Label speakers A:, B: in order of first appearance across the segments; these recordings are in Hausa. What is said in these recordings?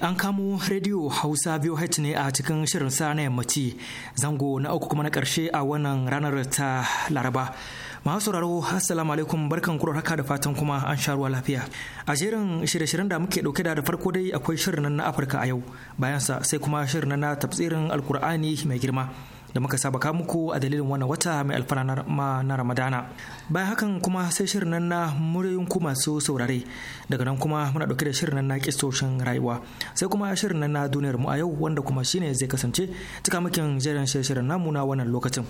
A: An kamo rediyo Hausa VOH ne a cikin shirin sa na yammaci zango na uku kuma na ƙarshe a wannan ranar ta Laraba. Masu sauraro Assalamu alaikum barkan kuro haka da fatan kuma an sha ruwa lafiya. A jerin shirye-shiryen da muke dauke da da farko dai akwai shirin na Afirka a yau bayansa sai kuma shirin na tafsirin Alkur'ani mai girma. da muka saba ka muku a dalilin wannan wata mai alfana na ramadana bayan hakan kuma sai shirin nan na muryoyin ku masu saurare daga nan kuma muna dauke da shirin nan na kistoshin rayuwa sai kuma shirin nan na duniyar mu a yau wanda kuma shine zai kasance mukin jerin shirin namu na wannan lokacin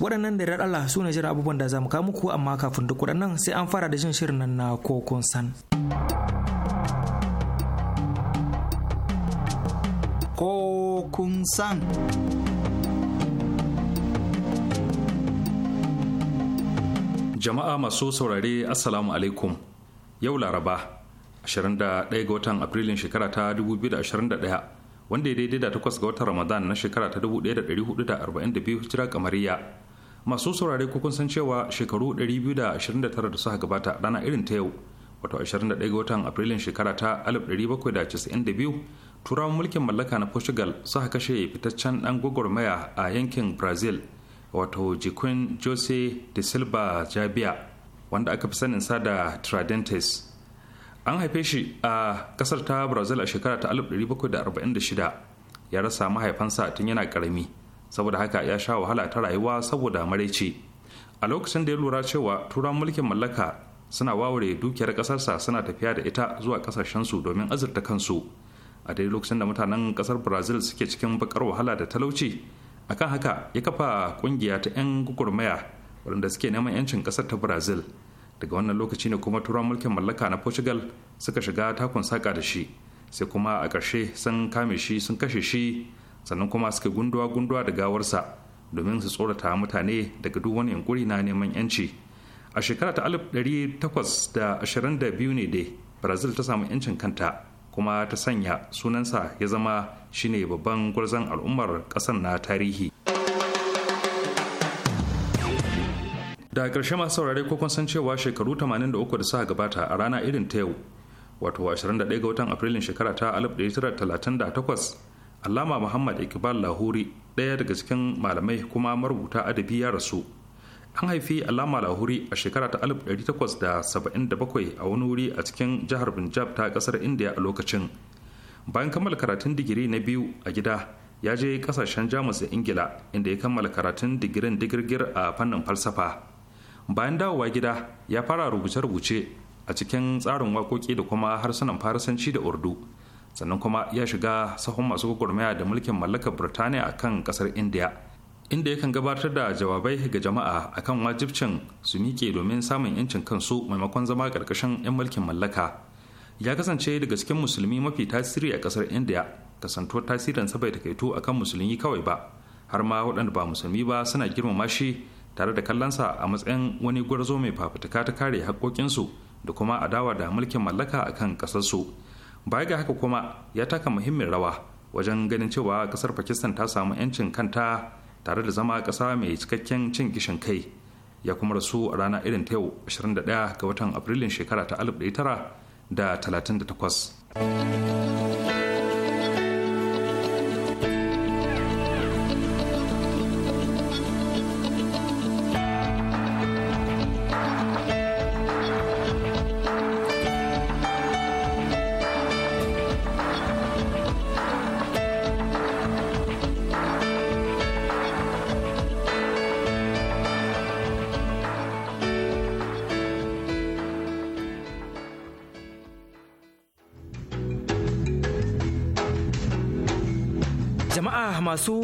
A: waɗannan da Allah su ne jiran abubuwan da za mu kawo muku amma kafin duk waɗannan sai an fara da jin shirin nan na kokon san. Kokun san.
B: Jama'a masu saurare Assalamu alaikum. Yau Laraba, 21 ga watan Afrilun shekara ta 2021, wanda ya daidai da 8 ga watan Ramadan na shekara ta 1442 hijira kamariya. Masu saurare kun san cewa shekaru 229 da suka gabata rana irin ta yau, wato 21 ga watan Afrilun shekara ta 1792, turawan mulkin mallaka na Portugal suka kashe fitaccen dan gwagwarmaya a yankin Brazil wato jikin jose de silva jabia wanda aka fi sanin sa da tradentes an haife shi a kasar ta brazil a shekara ta 1746 ya rasa mahaifansa tun yana karami saboda haka ya sha wahala ta rayuwa saboda maraice a lokacin da ya lura cewa turan mulkin mallaka suna waware dukiyar kasarsa suna tafiya da ita zuwa kasashensu domin azurta kansu a daidai lokacin da mutanen kasar brazil suke cikin bakar wahala da talauci akan haka ya kafa kungiya ta 'yan gugurmaya waɗanda suke neman 'yancin ƙasar ta brazil daga wannan lokaci ne kuma turan mulkin mallaka na portugal suka shiga takun saƙa da shi sai kuma a ƙarshe sun kame shi sun kashe shi sannan kuma suka gunduwa gunduwa da gawarsa domin su tsorata mutane daga duk wani yunkuri na neman yanci a shekara ta 1822 ne dai brazil ta samu yancin kanta kuma ta sanya sunansa ya zama shine babban gwarzon al'ummar ƙasar na tarihi da ƙarshe masu saurare ko kun san cewa shekaru 83 da suka gabata a rana irin ta yau wato 21 ga watan afrilun shekara ta 1938 Allama Muhammad Iqbal Lahuri ɗaya daga cikin malamai kuma marubuta adabi ya rasu an haifi alama lahuri a shekara ta 1877 a wani wuri a cikin jihar punjab ta kasar india a lokacin bayan kammala karatun digiri na biyu a gida ya je kasashen jamus da ingila inda ya kammala karatun digirin digirgir a fannin falsafa bayan dawowa gida ya fara rubuce-rubuce a cikin tsarin waƙoƙi da kuma harsunan farisanci da urdu sannan kuma ya shiga sahun masu gwagwarmaya da mulkin mallakar birtaniya a kan kasar india inda yakan gabatar da jawabai ga jama'a akan wajibcin su miƙe domin samun 'yancin kansu maimakon zama ƙarƙashin 'yan mulkin mallaka ya kasance daga cikin musulmi mafi tasiri a ƙasar india kasantuwar tasirin sa bai a kan musulmi kawai ba har ma waɗanda ba musulmi ba suna girmama shi tare da kallonsa a matsayin wani gwarzo mai fafutuka ta kare haƙoƙinsu da kuma adawa da mulkin mallaka akan ƙasarsu baya ga haka kuma ya taka muhimmin rawa wajen ganin cewa ƙasar pakistan ta samu 'yancin kanta tare da zama ƙasa mai cikakken cin gishin kai ya kuma rasu a rana irin ta yau 21 ga watan afrilun shekara ta 1938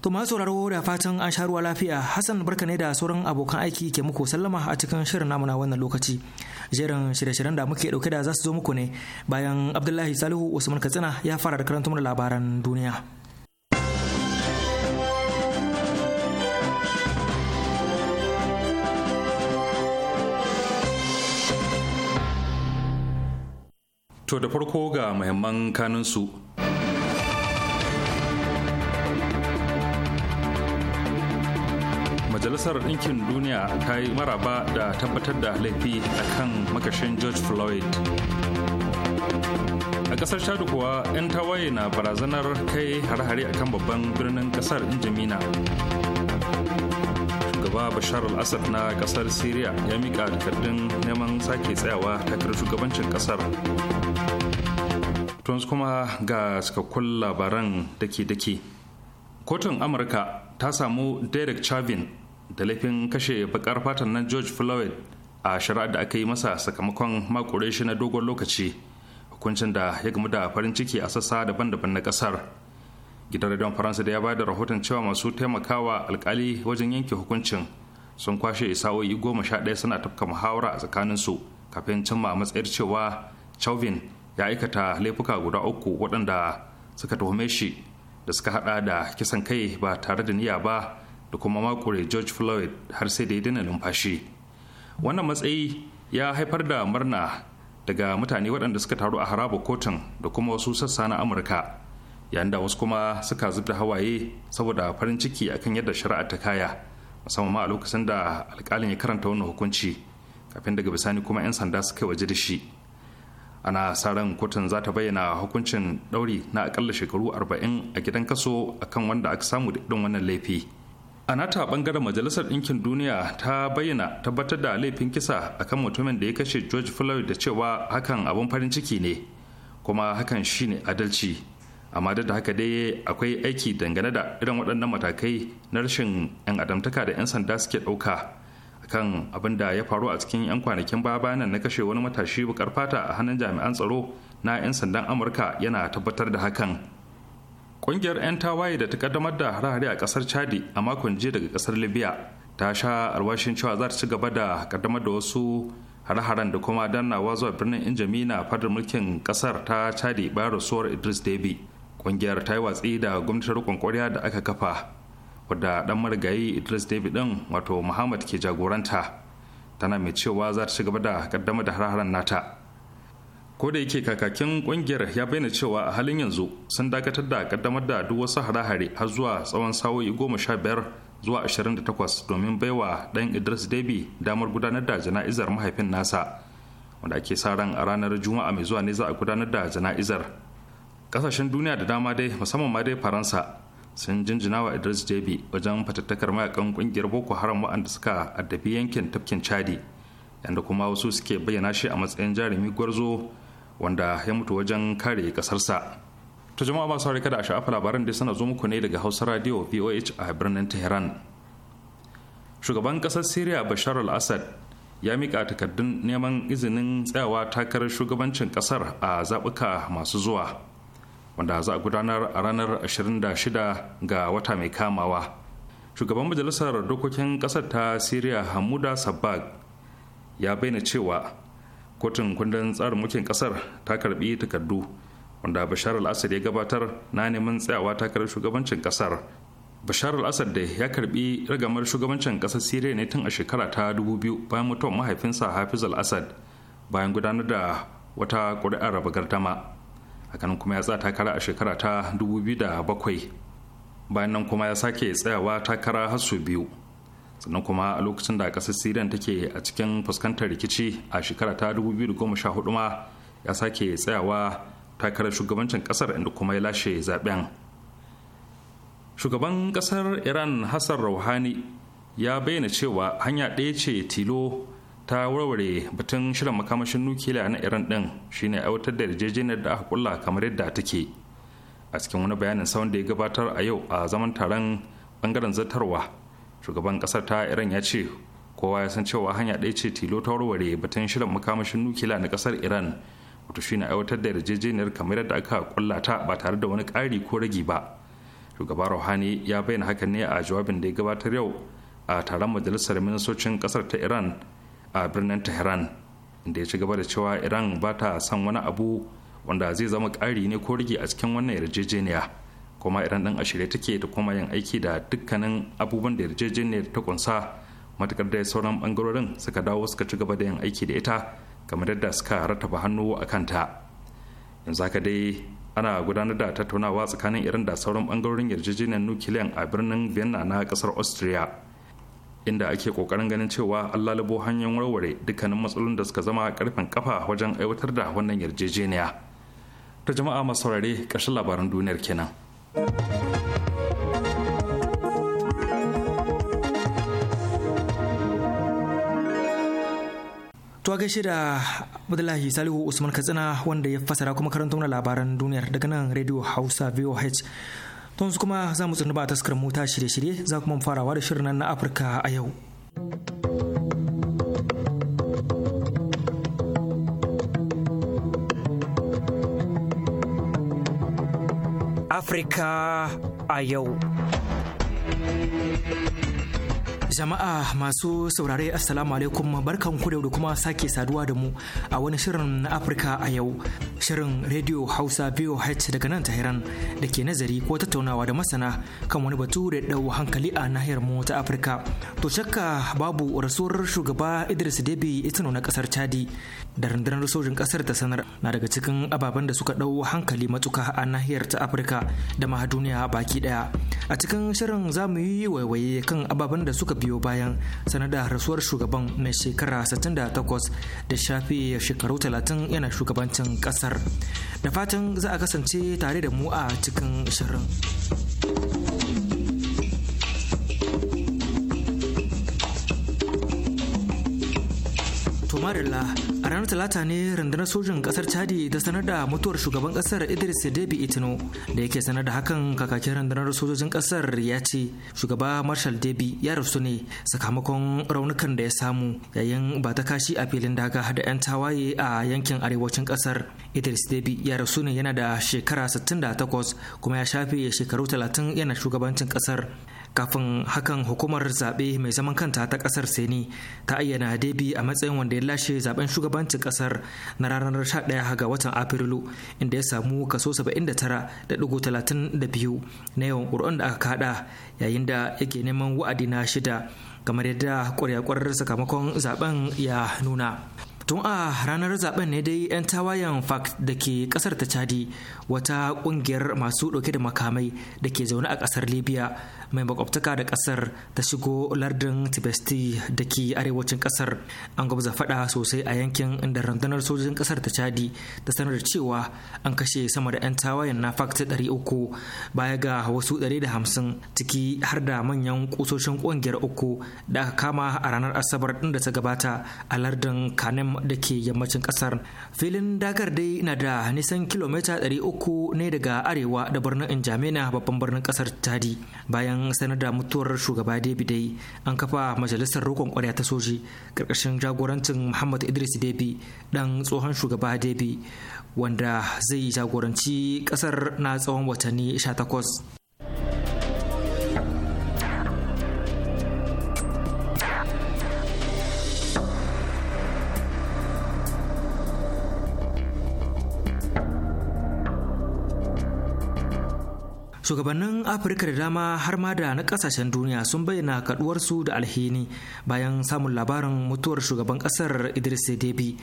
A: To masu sauraro da fatan an sha ruwa lafiya Hassan barka ne da sauran abokan aiki ke muku sallama a cikin shirin namu na wannan lokaci. Jerin shirye-shiryen da muke dauke da za su zo muku ne bayan Abdullahi Salihu Usman Katsina ya fara da karanta mana labaran duniya.
B: To da farko ga muhimman kanunsu majalisar ɗinkin duniya ta yi maraba da tabbatar da laifi a kan makashin george floyd a ƙasar shadu kuwa 'yan tawaye na barazanar kai hare-hare kan babban birnin ƙasar injamina shugaba bashar al-assad na ƙasar syria ya mika takardun neman sake tsayawa takar shugabancin ƙasar. tun kuma ga cikakkun labaran dake-dake kotun amurka ta samu derek chavin da laifin kashe bakar fatan nan george floyd a shari'ar da aka yi masa sakamakon makure shi na dogon lokaci hukuncin da ya gamu da farin ciki a sassa daban-daban na kasar gidan radon faransa da ya ba da rahoton cewa masu taimakawa alkali wajen yanke hukuncin sun kwashe sa'o'i goma sha ɗaya suna tafka muhawara a su kafin cimma matsayar cewa chauvin ya aikata laifuka guda uku waɗanda suka tuhume shi da suka haɗa da kisan kai ba tare da niyya ba da kuma makure george floyd har sai da ya daina numfashi wannan matsayi ya haifar da murna daga mutane waɗanda suka taru a haraba kotun da kuma wasu sassa na amurka yayin da wasu kuma suka zubta hawaye saboda farin ciki akan yadda shari'a ta kaya musamman ma a lokacin da alƙalin ya karanta wannan hukunci kafin daga bisani kuma 'yan sanda suka waje da shi ana sa ran kotun za ta bayyana hukuncin ɗauri na akalla shekaru 40 a gidan kaso akan wanda aka samu da irin wannan laifi a nata bangaren majalisar ɗinkin duniya ta bayyana tabbatar da laifin kisa akan mutumin da ya kashe george floyd da cewa hakan abin farin ciki ne kuma hakan shine adalci amma da haka dai akwai aiki dangane da irin waɗannan matakai na rashin 'yan adamtaka da 'yan sanda suke ɗauka kan abin da ya faru a cikin 'yan kwanakin baya bayanan na kashe wani matashi bukar fata a hannun jami'an tsaro na 'yan sandan amurka yana tabbatar da hakan ƙungiyar 'yan tawaye da ta kaddamar da hare-hare a kasar chadi a makon jiya daga ƙasar libya ta sha alwashin cewa za ta ci gaba da kaddamar da wasu hare-haren da kuma dannawa zuwa birnin injami na fadar mulkin ƙasar ta chadi bayan rasuwar idris debi ƙungiyar ta yi watsi da gwamnatin riƙon da aka kafa wadda dan marigayi idris debi ɗin wato muhammad ke jagoranta tana mai cewa za ta ci gaba da kaddamar da hare-haren nata ko da yake kakakin kungiyar ya bayyana cewa a halin yanzu sun dakatar da kaddamar da duk wasu hare-hare har zuwa tsawon sa'o'i goma sha biyar zuwa ashirin da takwas domin baiwa dan idris debi damar gudanar da jana'izar mahaifin nasa wanda ake sa ran a ranar juma'a mai zuwa ne za a gudanar da jana'izar kasashen duniya da dama dai musamman ma dai faransa sun jinjina wa idris debi wajen fatattakar mayakan kungiyar boko haram waɗanda suka addabi yankin tafkin chadi yanda kuma wasu suke bayyana shi a matsayin jarumi gwarzo wanda ya mutu wajen kare kasarsa ta jama'a masu kada da sha'afa labaran da sana zo muku ne daga hausa radio voh a birnin tehran shugaban kasar syria bashar al-assad ya mika takardun neman izinin tsayawa takarar shugabancin kasar a zabuka masu zuwa wanda za a gudanar a ranar 26 ga wata mai kamawa shugaban majalisar dokokin kasar ta syria hamuda sabbag ya bayyana cewa kotun kundin tsarin mulkin kasar ta karbi takardu wanda bashar al-assad ya gabatar na neman tsayawa takarar shugabancin kasar bashar al-assad da ya karbi ragamar shugabancin kasar siriya ne tun a shekara ta 2000 bayan mutuwar mahaifinsa hafiz al-assad bayan gudanar da wata ƙuri'ar raba gardama hakan kuma ya tsaya takara a shekara ta 2007 bayan nan kuma ya sake tsayawa takara har biyu sannan kuma a lokacin da ƙasar syrian take a cikin fuskantar rikici a shekara ta 2014 ma ya sake tsayawa takarar shugabancin ƙasar inda kuma ya lashe zaben shugaban ƙasar iran hassan rouhani ya bayyana cewa hanya ɗaya ce tilo ta warware batun shirin makamashin nukiliya na iran ɗin shine aiwatar da yarjejeniyar da aka kulla kamar yadda take a cikin wani bayanin sawan da ya gabatar a yau a zaman taron bangaren zartarwa shugaban kasar ta iran ya ce kowa ya san cewa hanya ɗaya ce tilo ta warware batun shirin makamashin nukila na kasar iran wato shine aiwatar da yarjejeniyar kamar yadda aka kulla ta ba tare da wani ƙari ko ragi ba shugaba rohani ya bayyana hakan ne a jawabin da ya gabatar yau a taron majalisar ministocin kasar ta iran a birnin tehran inda ya ci gaba da cewa iran ba ta son wani abu wanda zai zama ƙari ne ko rage a cikin wannan yarjejeniya kuma iran dan a take da kuma yin aiki da dukkanin abubuwan da yarjejeniyar ta kunsa matukar da sauran bangarorin suka dawo suka ci gaba da yin aiki da ita kamar yadda suka rataba hannu a kanta yanzu haka dai ana gudanar da tattaunawa tsakanin irin da sauran bangarorin yarjejeniyar nukiliyan a birnin vienna na kasar austria inda ake kokarin ganin cewa an lalubo hanyar warware dukkanin matsalolin da suka zama karfin kafa wajen aiwatar da wannan yarjejeniya ta jama'a masu saurare ƙarshen labaran duniyar kenan.
A: To gaishe da Abdullahi Salihu Usman Katsina wanda ya fasara kuma karanta mana labaran duniyar daga nan Radio Hausa VOH. Tun kuma za mu tsirni ba taskar mota shirye-shirye za kuma farawa da shirin nan na Afirka a yau. Afrika a yau. Jama'a masu saurare Assalamu alaikum barkan ku da kuma sake saduwa da mu a wani shirin na Afirka a yau shirin Radio Hausa VOH daga nan Tahiran da ke nazari ko tattaunawa da masana kan wani batu da dau hankali a nahiyar mu ta Afirka. To shakka babu rasuwar shugaba Idris debi Itno na kasar Chadi da rundunar sojin kasar ta sanar na daga cikin ababen da suka dau hankali matuka a nahiyar ta Afirka da ma duniya baki ɗaya A cikin shirin za mu yi waiwaye kan ababen da suka biyo biyo bayan sanada rasuwar shugaban mai shekara 68 da shafi shekaru 30 yana shugabancin kasar da fatan za a kasance tare da mu a cikin shirin tumarilla a ranar talata ne rundunar sojin kasar chadi da sanar da mutuwar shugaban kasar idris debi itino da yake sanar da hakan kakakin rundunar sojojin kasar ya ce shugaba marshal debi ya rasu ne sakamakon raunukan da ya samu yayin ba ta kashi a filin daga da 'yan tawaye a yankin arewacin kasar idris debi ya rasu ne yana da shekara 68 kuma ya shafe shekaru 30 yana shugabancin kasar kafin hakan hukumar zaɓe mai zaman kanta ta ƙasar seni ta ayyana debi a matsayin wanda ya lashe zaben shugabancin ƙasar na ranar 11 ga watan afrilu inda ya samu kaso 79.32 na yawan ƙuri'un da aka kada yayin da yake neman wa'adi na shida kamar yadda ƙwarya sakamakon zaben ya nuna tun a ranar zaben ne dai 'yan tawayen fak da ke kasar ta chadi wata kungiyar masu dauke da makamai da ke zaune a kasar libya mai makwabtaka da kasar ta shigo lardin tibesti da ke arewacin kasar an gwabza fada sosai a yankin inda rundunar sojojin kasar ta chadi ta sanar da cewa an kashe sama da 'yan tawayen na fak uku baya ga wasu da hamsin ciki har da manyan kusoshin kungiyar uku da aka kama a ranar asabar din da ta gabata a lardin kanem da ke yammacin kasar filin dagar dai na da nisan kilomita 300 ne daga arewa da birnin injamena babban birnin kasar tadi bayan sanar da mutuwar shugaba debi dai an kafa majalisar roƙon kwarya ta soji ƙarƙashin jagorancin muhammad idris debi dan tsohon shugaba debi wanda zai jagoranci ƙasar na tsawon watanni 18 shugabannin afirka da dama har ma da na kasashen duniya sun bayyana kaduwarsu da alhini bayan samun labarin mutuwar shugaban kasar idris debi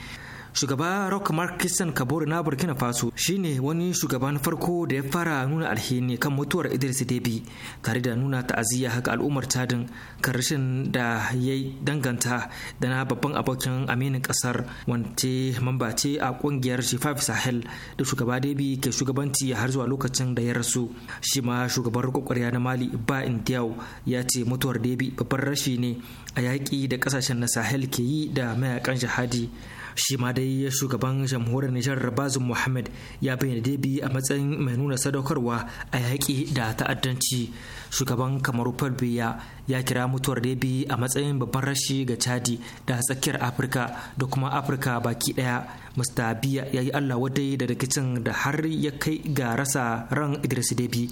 A: shugaba rock mark kisan kabori na burkina faso shine wani shugaban farko da ya fara nuna alheri kan mutuwar idris debi tare da nuna ta'aziyya haka al'ummar tadin kan rashin da ya danganta da na babban abokin aminin kasar wance mamba ce a kungiyar shifaf sahel da shugaba debi ke shugabanci har zuwa lokacin da ya rasu shi ma shugaban rikon na mali ba indiyau ya ce mutuwar debi babban rashi ne a yaƙi da ƙasashen na sahel ke yi da mayakan jihadi shi ma dai shugaban jamhuriyar nijar rabazu muhammad ya bayyana debi a matsayin mai nuna sadaukarwa a yaƙi da ta'addanci shugaban kamaru biya ya kira mutuwar debi a matsayin babban rashi ga chadi da tsakiyar afirka da kuma afirka baki daya Mr. biya ya yi allah wadai da rikicin da har ya kai ga rasa ran idris debi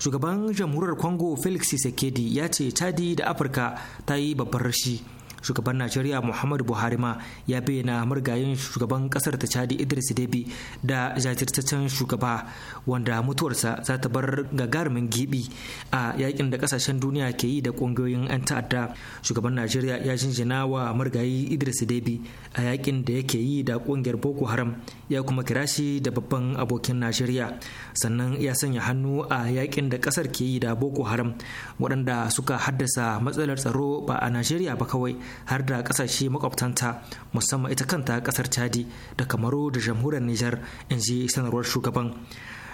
A: shugaban jamhuriyar congo felix sekedi ya ce chadi da afirka ta yi babbar rashi shugaban najeriya muhammadu buhari ma ya bayyana murgayen shugaban kasar ta chadi idris debi da jajirtaccen shugaba wanda mutuwarsa za ta bar gagarumin gibi a yakin da kasashen duniya ke yi da kungiyoyin 'yan ta'adda shugaban najeriya ya jinjina wa murgayi idris debi a yakin da yake yi da kungiyar boko haram ya kuma kira shi da babban abokin najeriya sannan ya sanya hannu a yakin da kasar ke yi da boko haram waɗanda suka haddasa matsalar tsaro ba a najeriya ba kawai har da ƙasashe makwabtanta musamman ita kanta ƙasar chadi da kamaru da jamhuriyar nijar in ji sanarwar shugaban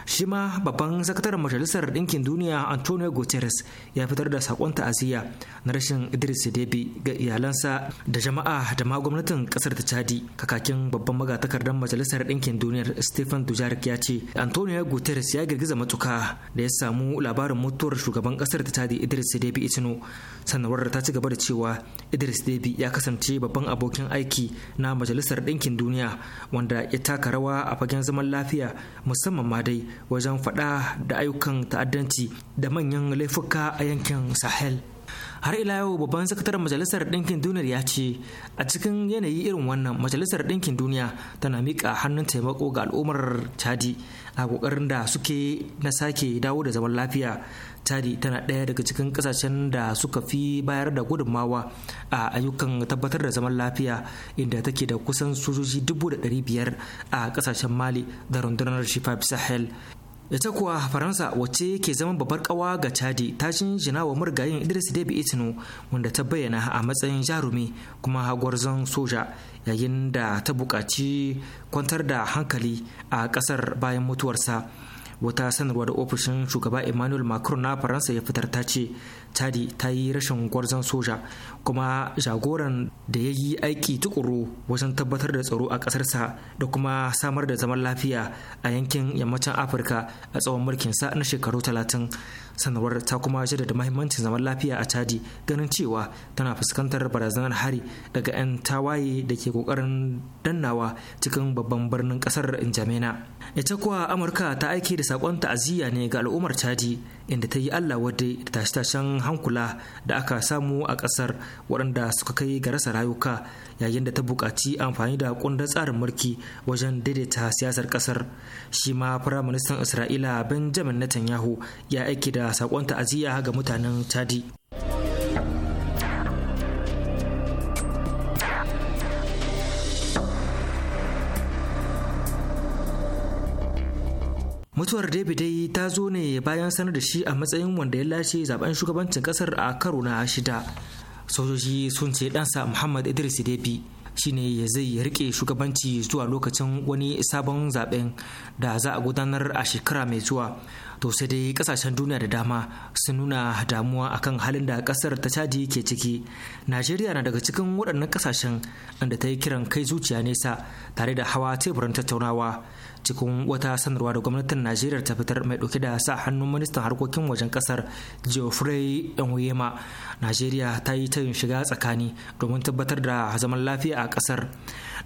A: shi ma babban sakataren majalisar ɗinkin duniya antonio guterres ya fitar da sakon ta'aziyya na rashin idris debi ga iyalansa da jama'a da ma gwamnatin ƙasar ta chadi kakakin babban magatakardar majalisar ɗinkin Duniya stephen dujarik ya ce antonio guterres ya girgiza matuka da ya samu labarin mutuwar shugaban kasar ta chadi idris debi itino sanarwar ta ci gaba da cewa idris debi ya kasance babban abokin aiki na majalisar ɗinkin duniya wanda ya taka rawa a fagen zaman lafiya musamman ma dai wajen faɗa da ayyukan ta'addanci da manyan laifuka a yankin sahel har ila yau babban sakataren majalisar ɗinkin duniyar ya ce a cikin yanayi irin wannan majalisar ɗinkin duniya tana miƙa hannun taimako ga al'ummar chadi a ƙoƙarin da suke na sake dawo da zaman lafiya chadi tana ɗaya daga cikin ƙasashen da suka fi bayar da gudummawa a ayyukan tabbatar da zaman lafiya inda take da kusan sojoji dubu da ɗari biyar a ƙasashen mali da rundunar shifa sahel ita kuwa faransa wacce ke zama babbar kawa ga chadi ta jinjina wa murgayin idris debi itino wanda ta bayyana a matsayin jarumi kuma hagwarzon soja yayin da ta bukaci kwantar da hankali a kasar bayan mutuwarsa wata sanarwa da ofishin shugaba emmanuel macron na faransa ya fitar ta ce chadi ta yi rashin gwarzon soja kuma jagoran da ya yi aiki tukuru wajen tabbatar da tsaro a ƙasarsa da kuma samar da zaman lafiya a yankin yammacin afirka a tsawon mulkin sa na shekaru talatin sanarwar ta kuma da mahimmancin zaman lafiya a chadi ganin cewa tana fuskantar barazanar hari daga 'yan tawaye da ke kokarin dannawa cikin babban birnin kasar injamena ita kuwa amurka ta aiki da sakon ta'aziyya ne ga al'ummar chadi inda ta yi allah wadai da tashe-tashen hankula da aka samu a kasar waɗanda suka kai ga rasa rayuka yayin da ta buƙaci amfani da kundin tsarin mulki wajen daidaita siyasar ƙasar shi ma firaministan isra'ila benjamin netanyahu ya aiki da saƙon ta'aziyya ga mutanen chadi mutuwar david dai ta zo ne bayan sanar da shi a matsayin wanda ya lashe zaben shugabancin kasar a karo na shida sojoji sun ce ɗansa muhammad idris debi shine ya zai rike shugabanci zuwa lokacin wani sabon zaben da za a gudanar a shekara mai zuwa to sai dai kasashen duniya da dama sun nuna damuwa akan halin da kasar ta chadi ke ciki najeriya na daga cikin waɗannan kasashen inda ta yi kiran kai zuciya nesa tare da hawa teburin tattaunawa cikin wata sanarwa da gwamnatin najeriya ta fitar mai dauke da sa hannun ministan harkokin wajen kasar geoffrey enwema najeriya ta yi tayin shiga tsakani domin tabbatar da zaman lafiya a kasar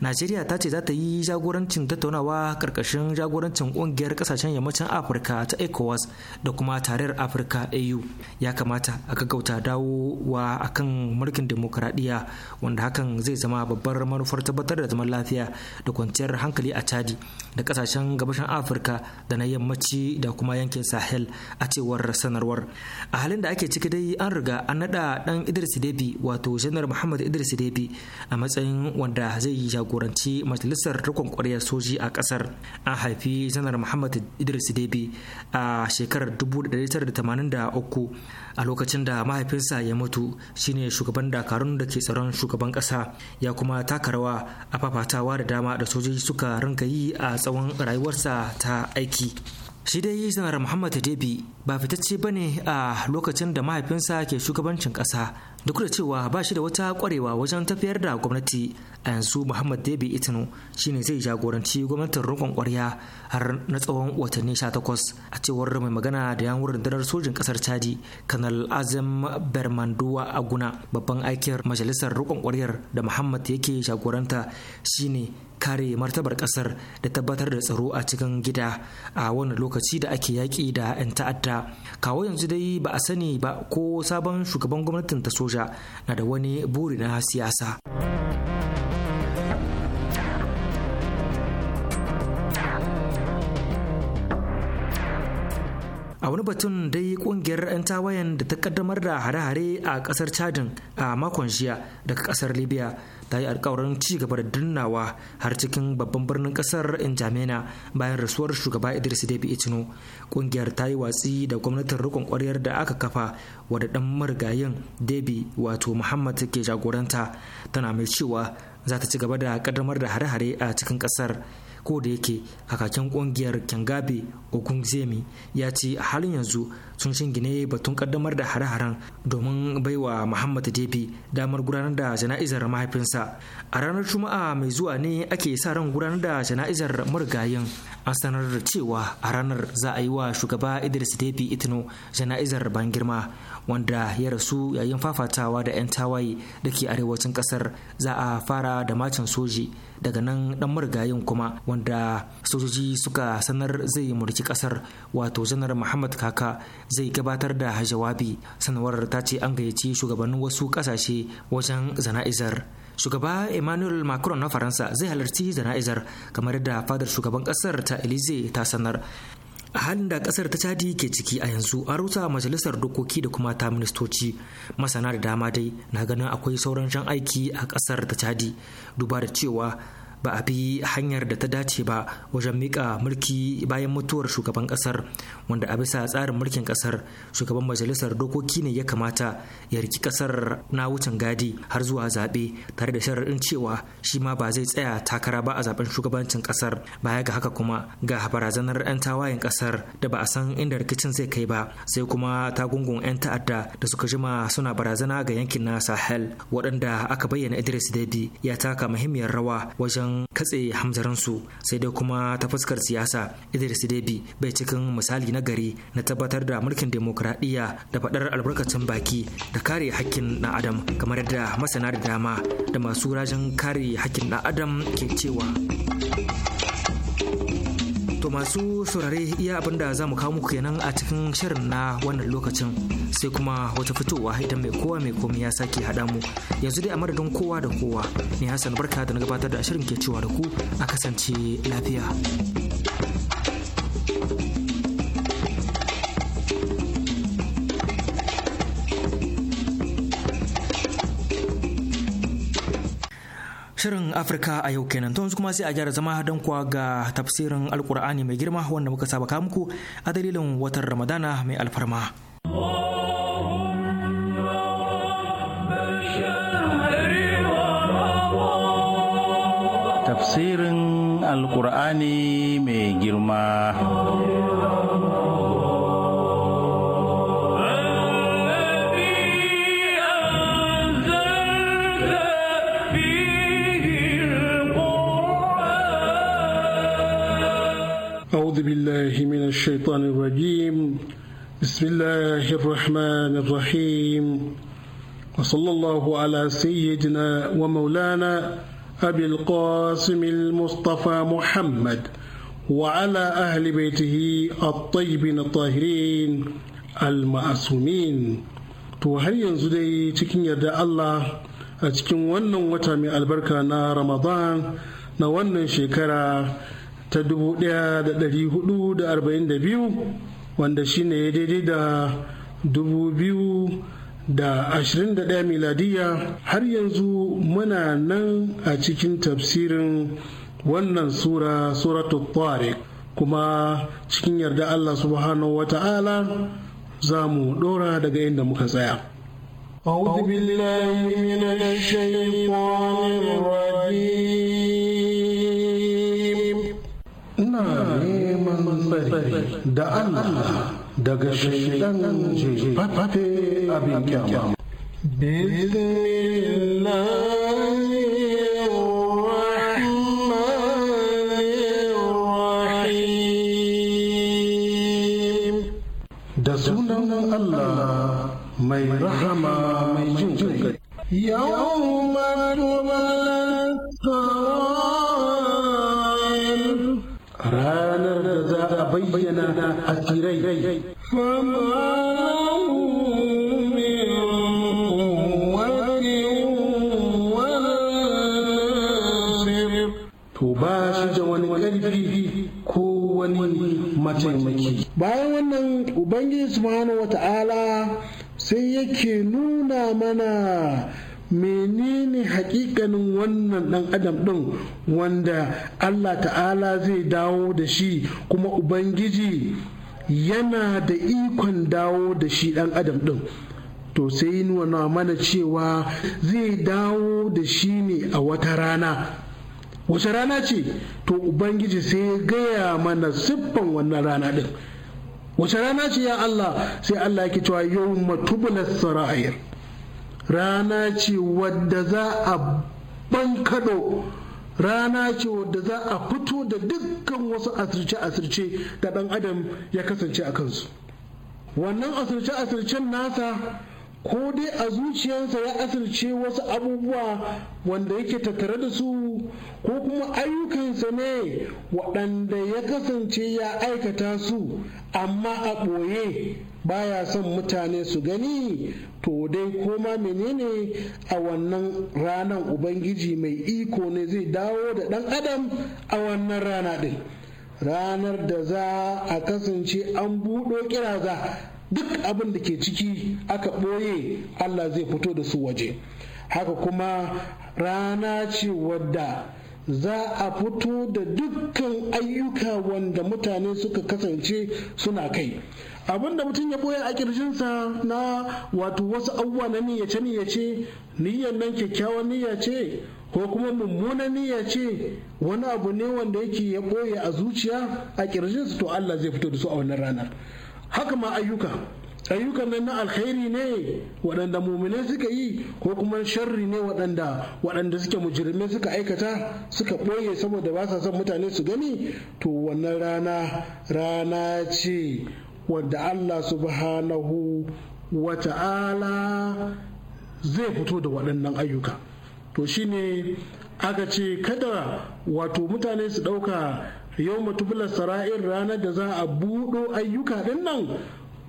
A: najeriya ta ce za ta yi jagorancin tattaunawa karkashin jagorancin kungiyar kasashen yammacin afirka ta ecowas da kuma tarayyar afirka au ya kamata a gaggauta wa akan mulkin demokuraɗiyya wanda hakan zai zama babbar manufar tabbatar da zaman lafiya da kwanciyar hankali a chadi da kasashen kasashen gabashin afirka da na yammaci da kuma yankin sahel a cewar sanarwar a halin da ake ciki dai an riga an naɗa ɗan idris debi wato janar muhammad idris debi a matsayin wanda zai jagoranci majalisar rikon kwaryar soji a ƙasar an haifi janar muhammad idris debi a shekarar 1983 a lokacin da mahaifinsa ya mutu shine shugaban dakarun da ke tsaron shugaban kasa ya kuma taka rawa a fafatawa da dama da sojoji suka rinka yi a tsawon rayuwarsa ta aiki shi dai sanar muhammad debi ba fitacce bane a lokacin da mahaifinsa ke shugabancin kasa duk da cewa ba shi da wata kwarewa wajen tafiyar da gwamnati a yanzu muhammad debi itinu shine zai jagoranci gwamnatin rikon kwarya har na tsawon watanni 18 a cewar mai magana da yan rundunar sojin kasar chadi kanal azim bermanduwa aguna babban aikin majalisar rikon kwaryar da muhammad yake jagoranta shine kare martabar kasar da tabbatar da tsaro a cikin gida a wannan lokaci da ake yaƙi da 'yan ta'adda kawo yanzu dai ba a sani ba ko sabon shugaban gwamnatin ta soja na da wani buri na siyasa a wani batun dai kungiyar 'yan tawayen da ta kaddamar da hare-hare a kasar chadin a makon jiya daga kasar libya ta yi alkawarin ci gaba da dannawa har cikin babban birnin kasar N'Djamena bayan rasuwar shugaba Idris Deby Itno. Kungiyar ta yi watsi da gwamnatin rikon kwaryar da aka kafa wadda dan marigayin Deby wato Muhammad ke jagoranta tana mai cewa za ta ci gaba da kaddamar da hare-hare a cikin kasar. ko da yake a kakin kungiyar kyangabe ogunzemi ya ce a halin yanzu sun shingine batun kaddamar da hare-haren domin baiwa muhammad debi damar gudanar da jana'izar mahaifinsa a ranar juma'a mai zuwa ne ake sa ran gudanar da jana'izar marigayin an sanar da cewa a ranar za a yi wa shugaba idris debi itno jana'izar ban girma wanda ya rasu yayin fafatawa da 'yan tawaye da ke arewacin kasar za a fara da macin soji daga nan dan marigayin kuma wanda sojoji suka sanar zai mulki kasar wato janar muhammad kaka zai gabatar da jawabi sanawar ta ce an gayyaci shugabannin wasu kasashe wajen zana'izar shugaba emmanuel macron na faransa zai halarci zana'izar kamar da fadar shugaban kasar ta elize ta sanar a halin da kasar ta cadi ke ciki a yanzu an rusa majalisar dokoki da kuma ta ministoci masana da dama dai na ganin akwai sauran shan aiki a kasar ta cadi duba da cewa ba a bi hanyar da ta dace ba wajen mika mulki bayan mutuwar shugaban kasar wanda a bisa tsarin mulkin kasar shugaban majalisar dokoki ne ya kamata ya riki kasar na wucin gadi har zuwa zaɓe tare da sharaɗin cewa shi ma ba zai tsaya takara ba a zaben shugabancin kasar baya ga haka kuma ga barazanar 'yan tawayen kasar da ba a san inda rikicin zai kai ba sai kuma tagungun 'yan ta'adda da suka jima suna barazana ga yankin na sahel waɗanda aka bayyana idris debi ya taka muhimmiyar rawa wajen wajen katse hamzaransu sai dai kuma ta fuskar siyasa idris debi bai cikin misali na gari na tabbatar da mulkin demokuraɗiyya da faɗar albarkacin baki da kare hakkin ɗan adam kamar yadda masana da dama da masu rajin kare hakkin ɗan adam ke cewa. To masu saurare iya abin da za mu kawo muku kenan a cikin shirin na wannan lokacin sai kuma wata fitowa ita mai kowa mai komi ya sake haɗa mu yanzu dai a madadin kowa da kowa ne Hassan barka da na gabatar da shirin ke cewa da ku a kasance lafiya. Shirin Afirka a yau kenan to kuma sai a gyara zama don kuwa ga tafsirin Alkur'ani mai girma wanda muka saba muku a dalilin watan Ramadana mai alfarma.
C: Tafsirin Alkur'ani mai girma.
D: أعوذ بالله من الشيطان الرجيم بسم الله الرحمن الرحيم وصلى الله على سيدنا ومولانا أبي القاسم المصطفى محمد وعلى أهل بيته الطيبين الطاهرين المعصومين to har yanzu dai cikin yarda Allah a cikin wannan wata mai albarka na Ramadan na wannan shekara ta 1442 wanda shine ya daidai da 2021 miladiya har yanzu muna nan a cikin tafsirin wannan sura suratu tariq kuma cikin yarda Allah subhanahu wa ta'ala za mu dora daga inda muka tsaya أعوذ بالله من الشيطان الرجيم da Allah daga shaidan jefafe abin kyama. Da sunan Allah mai rahama mai jin Yau ma bayyana hajjirai. To ba shi da wani ko wani Bayan wannan Ubangiji Subhanahu wata'ala sai yake nuna mana menene hakikanin wannan dan adam din wanda Allah ta'ala zai dawo da shi kuma ubangiji yana da ikon dawo da shi dan adam din to sai nuna mana cewa zai dawo da shi ne a wata rana wace rana ce to ubangiji sai ya gaya mana siffan wannan rana din wace rana ce ya Allah sai Allah yake cewa yau matubula sara'ir rana ce wadda za a bankado rana ce wadda za a fito da dukkan wasu asirce-asirce da ɗan adam ya kasance a kansu wannan asirce-asircen nasa ko dai a zuciyarsa ya asirce wasu abubuwa wanda yake tattare da su ko kuma ayyukansa ne waɗanda ya kasance ya aikata su amma a ɓoye baya son mutane su gani to dai koma menene a wannan ranan ubangiji mai iko ne zai dawo da ɗan adam a wannan rana ɗin ranar da za a kasance an buɗo kiraza duk abin da ke ciki aka ɓoye allah zai fito da su waje haka kuma rana ce wadda za a fito da dukkan ayyuka wanda mutane suka kasance suna kai abin da mutum ya boye a kirjinsa na wato wasu abubuwa na niyyace niyyace niyyar nan kyakkyawan niyya ce ko kuma mummunan niyya ce wani abu ne wanda yake ya boye a zuciya a kirjinsa to Allah zai fito da su a wannan ranar haka ma ayyuka ayyukan nan na alkhairi ne waɗanda muminai suka yi ko kuma sharri ne waɗanda waɗanda suke mujirmai suka aikata suka ɓoye saboda ba sa son mutane su gani to wannan rana rana ce wanda Allah subhanahu wa ta'ala zai fito da waɗannan ayyuka to shine aka ce kada wato mutane su ɗauka yau mutubula sara'in ranar da za a buɗo ayyuka ɗinnan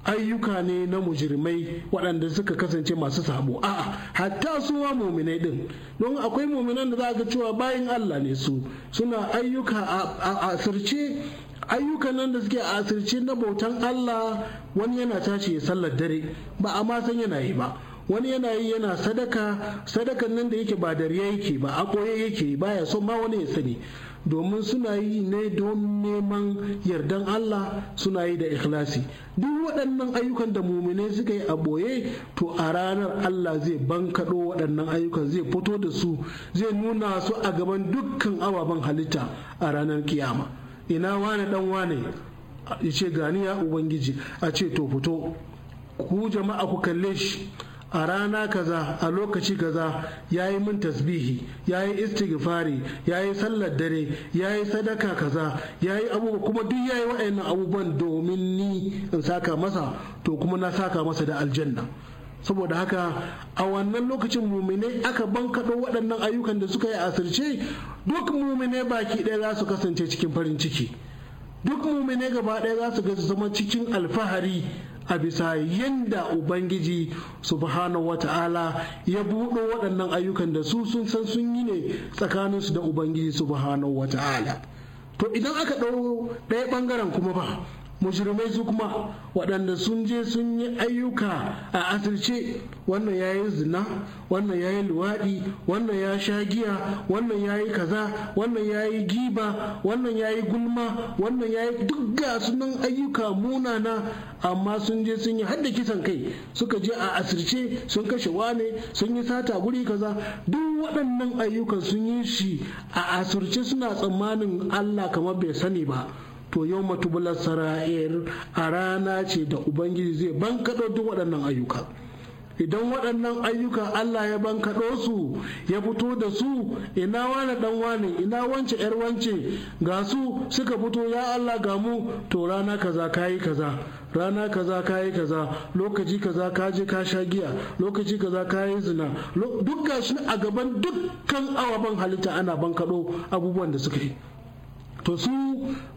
D: ayyuka ne na mujirmai waɗanda suka kasance masu sabo a'a hatta su ma muminai din don akwai muminan da za a ga cewa bayin Allah ne su suna ayyuka a asirce ayyukan nan da suke a asirce na bautan Allah wani yana tashi ya sallar dare ba a ma san yana yi ba wani yana yi yana sadaka sadakan nan da yake ba dariya yake ba a koye yake ya son ma wani ya sani domin suna yi ne don neman yardan Allah suna yi da ikhlasi duk waɗannan ayyukan da mumine suka yi a boye to a ranar Allah zai bankaɗo waɗannan ayyukan zai fito da su zai nuna su a gaban dukkan ababen halitta a ranar kiyama ina wane dan wane ya ce gani ya ubangiji a ce to fito ku jama'a ku kalle shi a rana kaza a lokaci kaza ya yi min tasbihi ya yi istighfari ya yi sallar dare ya yi sadaka kaza ya yi abubuwa kuma duk ya yi abubuwan domin ni in saka masa to kuma na saka masa da aljanna saboda haka a wannan lokacin muminai aka bankaɗo waɗannan ayyukan da suka yi asirce duk muminai baki ɗaya za su kasance cikin farin ciki duk muminai gaba ɗaya za su gasu zama cikin alfahari a bisa yadda ubangiji subhanahu ta'ala, ya buɗo waɗannan ayyukan da su sun san sun yi ne tsakaninsu da ubangiji subhanahu ta'ala. to idan aka ɗau ɗaya ɓangaren kuma ba Musulmai su kuma waɗanda sun je sun yi ayyuka a asirce wannan ya yi zina wannan ya yi luwaɗi wannan ya sha giya wannan ya yi kaza wannan ya yi giba wannan ya yi gulma wannan ya yi duk ga sunan ayyuka munana amma sun je sun yi hadda kisan kai suka je a asirce sun kashe wane sun yi sata guri kaza duk waɗannan ayyukan sun yi shi a asirce suna tsammanin allah kamar bai sani ba to yau matubular sara'ir a rana ce da ubangiji zai bankaɗo duk waɗannan ayyuka idan waɗannan ayyukan Allah ya bankaɗo su ya fito da su ina wane ɗan wane ina wance ‘yar wance ga su suka fito ya Allah ga mu to rana kaza kayi kaza rana kaza kayi kaza lokaci kaza ka je ka sha giya lokaci kaza kayi zina duk gashi a gaban dukkan awaban halitta ana bankaɗo abubuwan da suka yi to su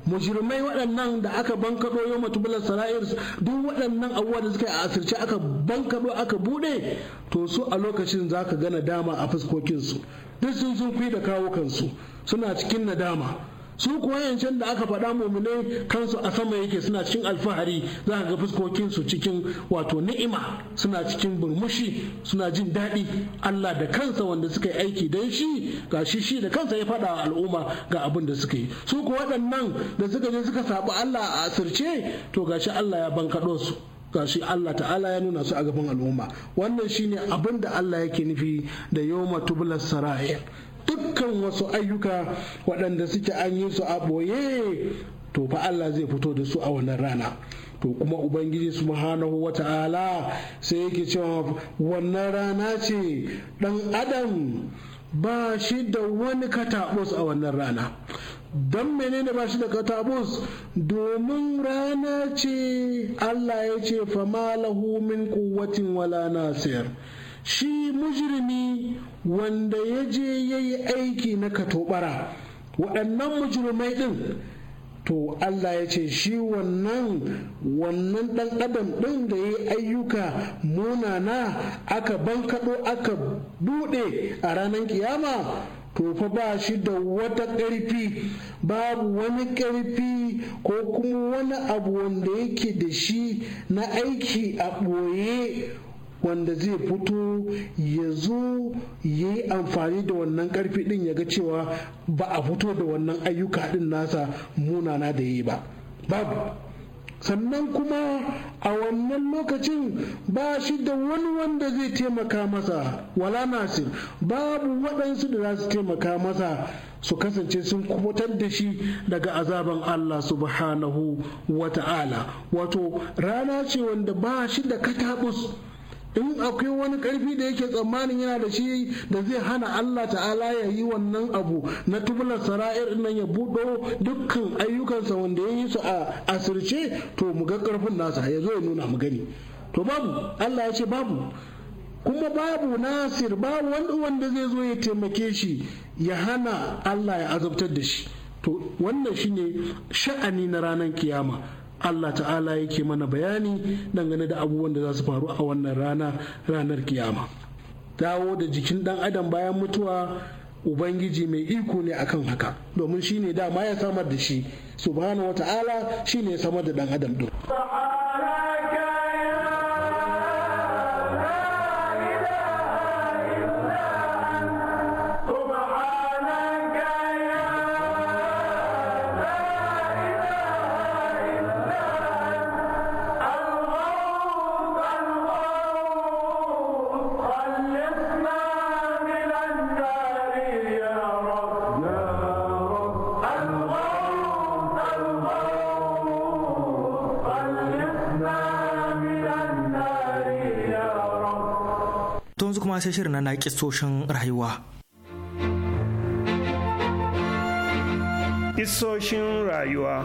D: mujirmai waɗannan da aka bankaɗo yau matubular sara'ir duk waɗannan abubuwa da suka yi a asirce aka bankaɗo aka buɗe to su a lokacin za ka gana dama a fuskokinsu duk sun sun da kawo kansu suna cikin nadama su kuwa 'yancin da aka faɗa muminai kansu a sama yake suna cikin alfahari za ga fuskokinsu cikin wato ni'ima suna cikin burmushi suna jin daɗi Allah da kansa wanda suka yi aiki don shi ga shi shi da kansa ya faɗa al'umma ga abin da suka yi su kuwa waɗannan da suka je suka saɓi Allah a asirce to gashi Allah ya bankaɗo su gashi Allah ta'ala ya nuna su a gaban al'umma wannan shine abin da Allah yake nufi da yawma tubular sara'ir dukkan wasu ayyuka waɗanda suke an yi su a ɓoye to fa Allah zai fito da su a wannan rana to kuma ubangiji subhanahu wata'ala sai yake cewa wannan rana ce ɗan adam ba shi da wani katabus a wannan rana don menene ba shi da katabus domin rana ce Allah ya ce fama lahu min kuwatin wala nasir shi mujirmi wanda ya je ya yi aiki na katobara waɗannan mujirmai ɗin to Allah ya ce shi wannan wannan ɗan adam ɗin da ya yi ayyuka munana aka bankaɗo aka buɗe a ranar kiyama to fa ba shi da wata ƙarfi babu wani ƙarfi ko kuma wani abu wanda yake da shi na aiki a ɓoye wanda zai fito ya zo ya yi amfani da wannan karfi din ya ga cewa ba a fito da wannan ayyuka din nasa munana da yi ba babu sannan kuma a wannan lokacin ba shi da wani wanda zai taimaka masa wala nasir babu waɗansu da za su taimaka masa su kasance sun kubutar da shi daga azaban Allah subhanahu wa ta'ala wato rana ce wanda ba shi da katabus in akwai wani karfi da yake tsammanin yana da shi da zai hana Allah ta'ala ya yi wannan abu na tubular sara'ir nan ya buɗo dukkan ayyukansa wanda ya yi su a asirce to mu ga karfin nasa ya zo ya nuna mu gani to babu Allah ya ce babu kuma babu nasir babu wani wanda zai zo ya taimake shi ya hana Allah ya azabtar da shi to wannan shine sha'ani na ranar kiyama Allah ta'ala yake mana bayani dangane da abubuwan da za su faru a wannan rana ranar kiyama dawo da jikin dan adam bayan mutuwa ubangiji mai iko ne akan haka domin shine dama ya samar da shi subhanahu wata'ala shine ya samar da dan adam din
A: sai shirin na rayuwa.
D: Isoshin rayuwa.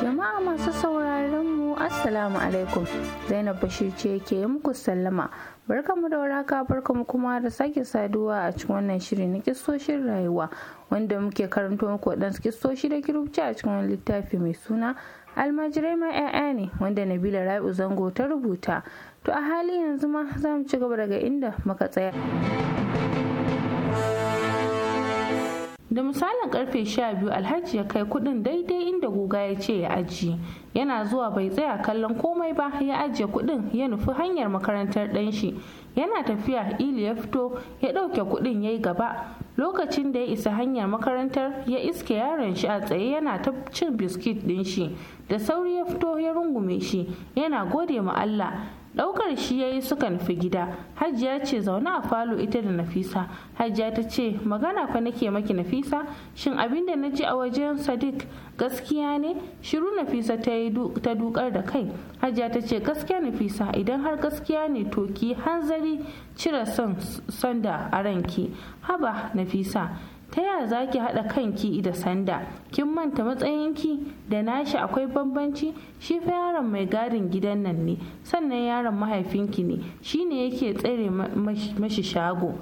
E: Jama'a masu sauraron mu Assalamu alaikum Zainab Bashir ce ke muku sallama. Barkamu da waraka barkamu kuma da sake saduwa a cikin wannan shiri na kistoshin rayuwa wanda muke karanto muku waɗansu kistoshi da kirubci a cikin littafi mai suna almajirai ma 'ya'ya ne wanda nabila rai'u zango ta rubuta to a hali yanzu ma za mu ci gaba daga inda muka tsaya da misalin karfe 12 alhaji ya kai kudin daidai inda guga ya ce ya aji yana zuwa bai tsaya kallon komai ba ya ajiye kudin ya nufi hanyar makarantar ɗan shi yana tafiya ili ya fito ya ɗauke kudin ya yi gaba lokacin da ya isa hanyar makarantar ya iske yaron shi a tsaye yana ta cin biskit ɗin shi da sauri ya fito ya rungume shi yana gode ma Allah Daukar shi ya yi suka nufi gida hajiya ce zaune a falo ita da nafisa hajiya ta ce magana fa nake maki nafisa shin abin da na ji a wajen sadiq gaskiya ne shiru nafisa ta dukar da kai hajiya ta ce gaskiya nafisa idan har gaskiya ne to ki hanzari cire son sanda a ranki haba nafisa ta yaya za ki haɗa kanki da sanda kin manta matsayinki da nashi akwai bambanci shi fa yaron mai garin gidan nan ne sannan yaron mahaifinki ne shi ne yake tsere mashi shago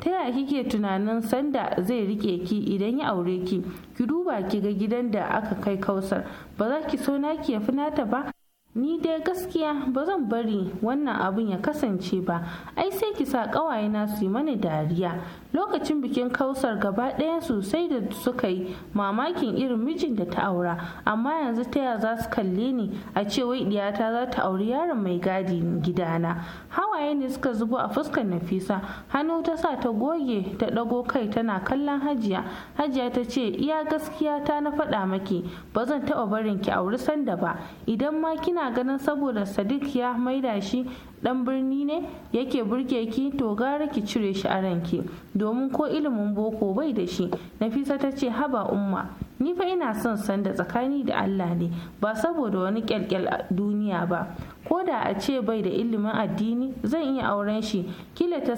E: ta yaya kike tunanin sanda zai rike ki idan ya aure ki ki duba ki ga gidan da aka kai kausar ba za ki so naki ya fi nata ba ni dai gaskiya ba zan bari wannan abun ya kasance ba ai sai ki sa ƙawayena su yi mana dariya lokacin bikin kausar gaba ɗaya sosai da suka yi mamakin irin mijin da ta aura amma yanzu ta za su kalle ni a ce wai diyata za ta auri yaron mai gadi gidana hawaye ne suka zubo a fuskar nafisa hannu ta sa ta goge ta ɗago kai tana kallon hajiya hajiya ta ce iya gaskiya ta na faɗa maki ba zan taɓa barin ki auri sanda ba idan ma kina kina ganin saboda sadiq ya maida shi dan birni ne yake burge ki to gara ki cire shi a ranki domin ko ilimin boko bai da shi nafisa ta ce haba umma ni fa ina son sanda tsakani da allah ne ba saboda wani kyalkyal duniya ba ko da a ce bai da ilimin addini zan iya auren shi kila ta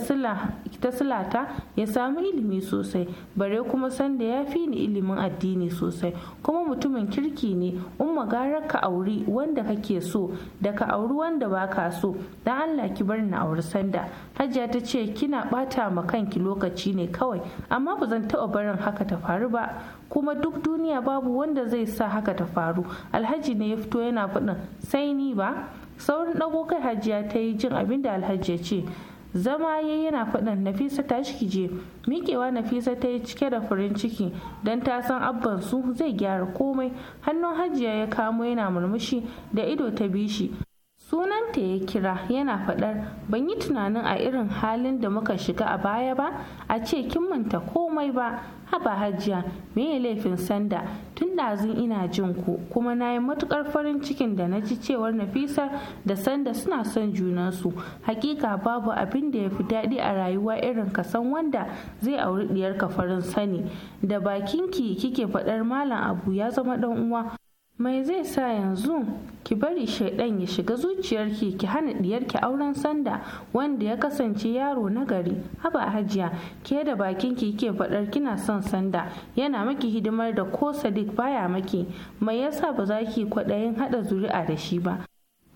E: silata ya samu ilimi sosai bare kuma sanda ya fi ni ilimin addini sosai kuma mutumin kirki ne umma gara ka auri wanda kake so da ka auri wanda baka so dan Allah ki bar na auri sanda hajiya ta ce kina bata ma kanki lokaci ne kawai amma ba zan taɓa barin haka ta faru ba kuma duk duniya babu wanda zai sa haka ta faru alhaji ne ya fito yana faɗin sai ni ba saurin ɗago kai hajiya ta yi jin abin da alhaji ce zama ya yana faɗin nafisa ta shi je miƙewa nafisa ta yi cike da farin ciki don ta san abban su zai gyara komai hannun hajiya ya kamo yana murmushi da ido ta bishi. sunanta ya kira yana faɗar ban yi tunanin a irin halin da muka shiga a baya ba a ce kin manta komai ba haba hajiya me ya laifin sanda tun ɗazun ina jin ku kuma na yi matukar farin cikin da na ji cewar nafisa da sanda suna son junansu hakika babu abin da ya fi daɗi a rayuwa irin ka san wanda zai auri ɗiyar ka farin sani da bakinki kike faɗar malam abu ya zama ɗan uwa mai zai sa yanzu ki bari shaidan ya shiga zuciyarki ki hana diyarki auren sanda wanda ya kasance yaro na gari haba hajiya ke da bakin ki ke fadar kina son sanda yana maki hidimar da ko sadiq baya maki mai yasa ba za ki kwaɗayin haɗa zuri'a da shi ba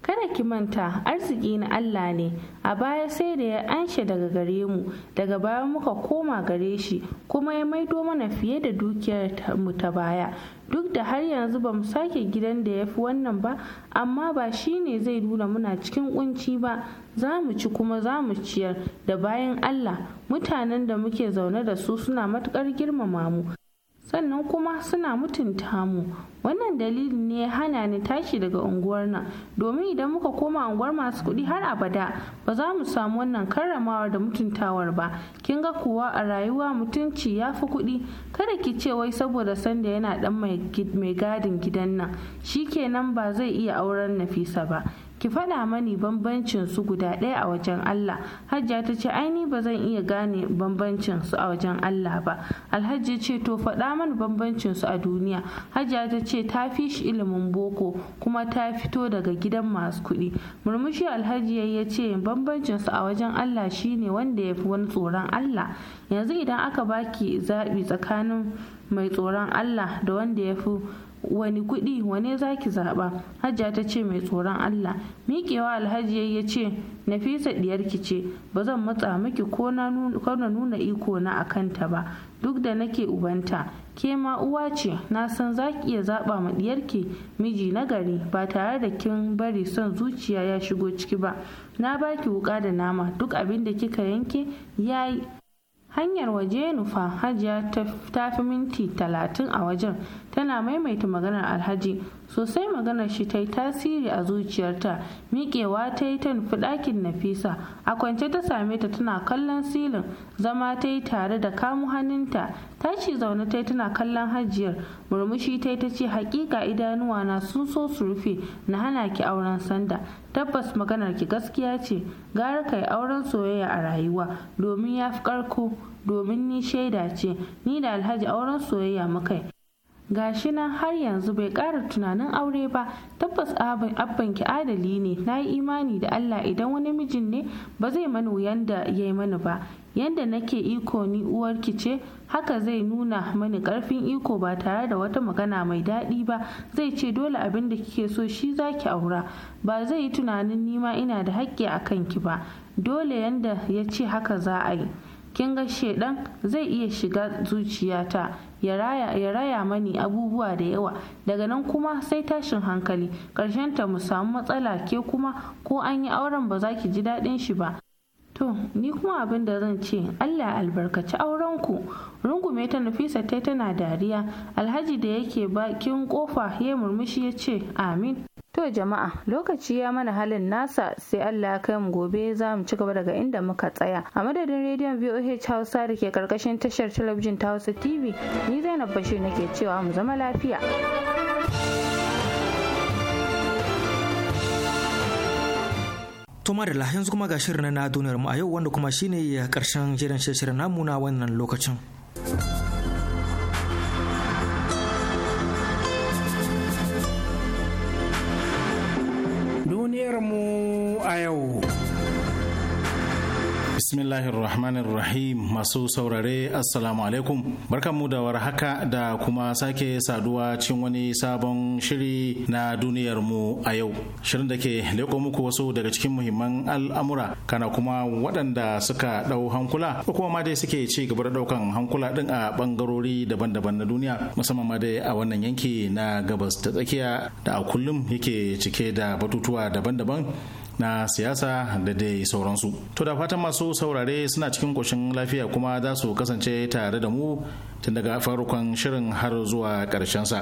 E: kada ki manta arziki na Allah ne a baya sai da ya anshe daga gare mu daga baya muka koma gare shi kuma ya maido mana fiye da dukiyar mu ta baya duk da har yanzu ba mu sake gidan da ya fi wannan ba amma ba shi ne zai nuna muna cikin kunci ba za mu ci kuma za mu ciyar da bayan allah mutanen da muke zaune da su suna matukar girmama mu sannan kuma suna mutunta mu wannan dalilin ne hana ni tashi daga unguwar nan domin idan muka koma unguwar masu kuɗi har abada ba za mu samu wannan karramawar da mutuntawar ba kin ga kuwa a rayuwa mutunci ya fi kuɗi kada ki ce wai saboda sanda yana dan mai gadin gidan nan shi kenan ba zai iya auren nafisa ba ki faɗa mani bambancin su guda ɗaya a wajen Allah hajja ta ce aini ba zan iya gane bambancin su a wajen Allah ba alhaji ce to faɗa mani bambancin su a duniya hajja ta ce ta fi shi ilimin boko kuma ta fito daga gidan masu kuɗi murmushi alhaji ya ce bambancin su a wajen Allah shine wanda ya fi wani tsoron Allah yanzu idan aka baki zaɓi tsakanin mai tsoron Allah da wanda ya fi wani kuɗi Wani za ki zaɓa hajja ta ce mai tsoron allah miƙewa alhaji ya ce nafisa ɗiyarki ce ba zan matsa miki ko na nuna iko na a kanta ba duk da nake ubanta ke ma uwa ce na san zaki ki iya zaɓa ma ɗiyarki miji na gari ba tare da kin bari son zuciya ya shigo ciki ba na baki wuƙa da nama duk abin da kika yanke ya yi hanyar waje nufa hajiya ta fi minti talatin a wajen tana maimaita maganar alhaji sosai magana shi ta yi tasiri a zuciyarta miƙewa ta yi ta nufi ɗakin nafisa a kwance ta same ta tana kallon silin zama ta yi tare da kamu hannunta Ta ce zaune ta yi tana kallon hajiyar murmushi ta yi ta ce hakika idanuwana sun so su rufe na hana ki auren sanda tabbas maganar ki gaskiya ce gara kai auren soyayya a rayuwa domin ya fi karko domin ni shaida ce ni da alhaji auren soyayya mukai gashi nan har yanzu bai ƙara tunanin aure ba tabbas abban ki adali ne na yi imani da allah idan wani mijin ne ba zai mani wuyan ya yi mani ba yanda nake iko ni uwarki ce haka zai nuna mani karfin iko ba tare da wata magana mai daɗi ba zai ce dole abin da kike so shi zaki aura ba zai yi tunanin nima ina da haƙƙi a kanki ba dole yanda ya ce haka za a yi kin ga shedan zai iya shiga zuciyata ya raya mani abubuwa da yawa daga nan kuma sai tashin hankali ta mu samu matsala ke kuma ko an yi auren ba za ki ji daɗin shi ba To, ni kuma abin da zan ce, Allah albarkaci aurenku, rungume ta Nafisa ta tana dariya, alhaji da yake bakin kofa ya murmushi ya ce, Amin. To jama'a, lokaci ya mana halin nasa sai Allah kai mu gobe za mu ci gaba daga inda muka tsaya. A madadin rediyon VOH Hausa da ke karkashin tashar talabijin ta Hausa TV, ni Zainab Bashir nake cewa mu zama lafiya.
A: To da yanzu kuma ga shirin na duniyar mu a yau wanda kuma shine karshen jiran shirin namu na wannan lokacin.
D: Duniyar mu a yau.
C: Bismillahirrahmanirrahim masu saurare Assalamu alaikum barkanmu da haka da kuma sake saduwa cikin wani sabon shiri na duniyarmu a yau shirin da ke leko muku wasu daga cikin muhimman al'amura kana kuma waɗanda suka ɗau hankula ko kuma ma dai suke ci gaba da ɗaukan hankula ɗin a ɓangarori daban-daban na duniya musamman ma dai a wannan yanki na gabas da tsakiya da a kullum yake cike da batutuwa daban-daban na siyasa da dai sauransu to da fatan masu saurare suna cikin koshin lafiya kuma za su kasance tare da mu tun daga farkon shirin har zuwa ƙarshen sa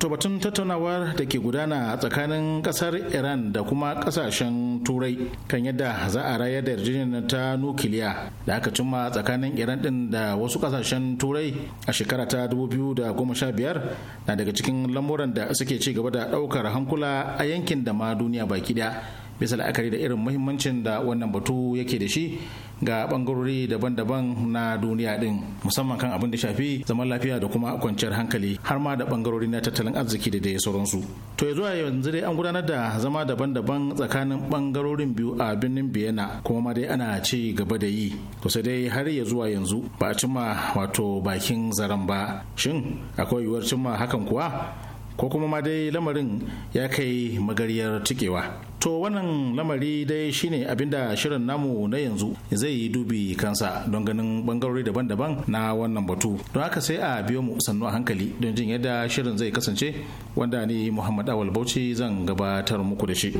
C: to batun tattaunawar da ke gudana a tsakanin kasar iran da kuma kasashen turai kan yadda za a rayar da yarjejeniyar ta nukiliya da aka cimma tsakanin iran din da wasu kasashen turai a shekara ta 2015 na daga cikin lamuran da suke ci gaba da ɗaukar hankula a yankin da ma duniya baki daya bisa la'akari da irin muhimmancin da wannan batu yake da shi ga bangarori daban-daban na duniya din musamman kan abin da shafi zaman lafiya da kuma kwanciyar hankali har ma da bangarori na tattalin arziki da dai sauransu to zuwa yanzu dai an gudanar da zama daban-daban tsakanin bangarorin biyu a birnin biyana kuma ma dai ana ci gaba da yi to dai har ya zuwa yanzu ba a cimma wato bakin zaren ba shin akwai yiwuwar cimma hakan kuwa ko kuma ma dai lamarin ya kai magariyar tuƙewa to wannan lamari dai shine abinda shirin namu na yanzu zai yi dubi kansa don ganin bangarori daban-daban na wannan batu don haka sai a biyo mu sannu a hankali don jin yadda shirin zai kasance wanda ni muhammad awal bauchi zan gabatar muku da shi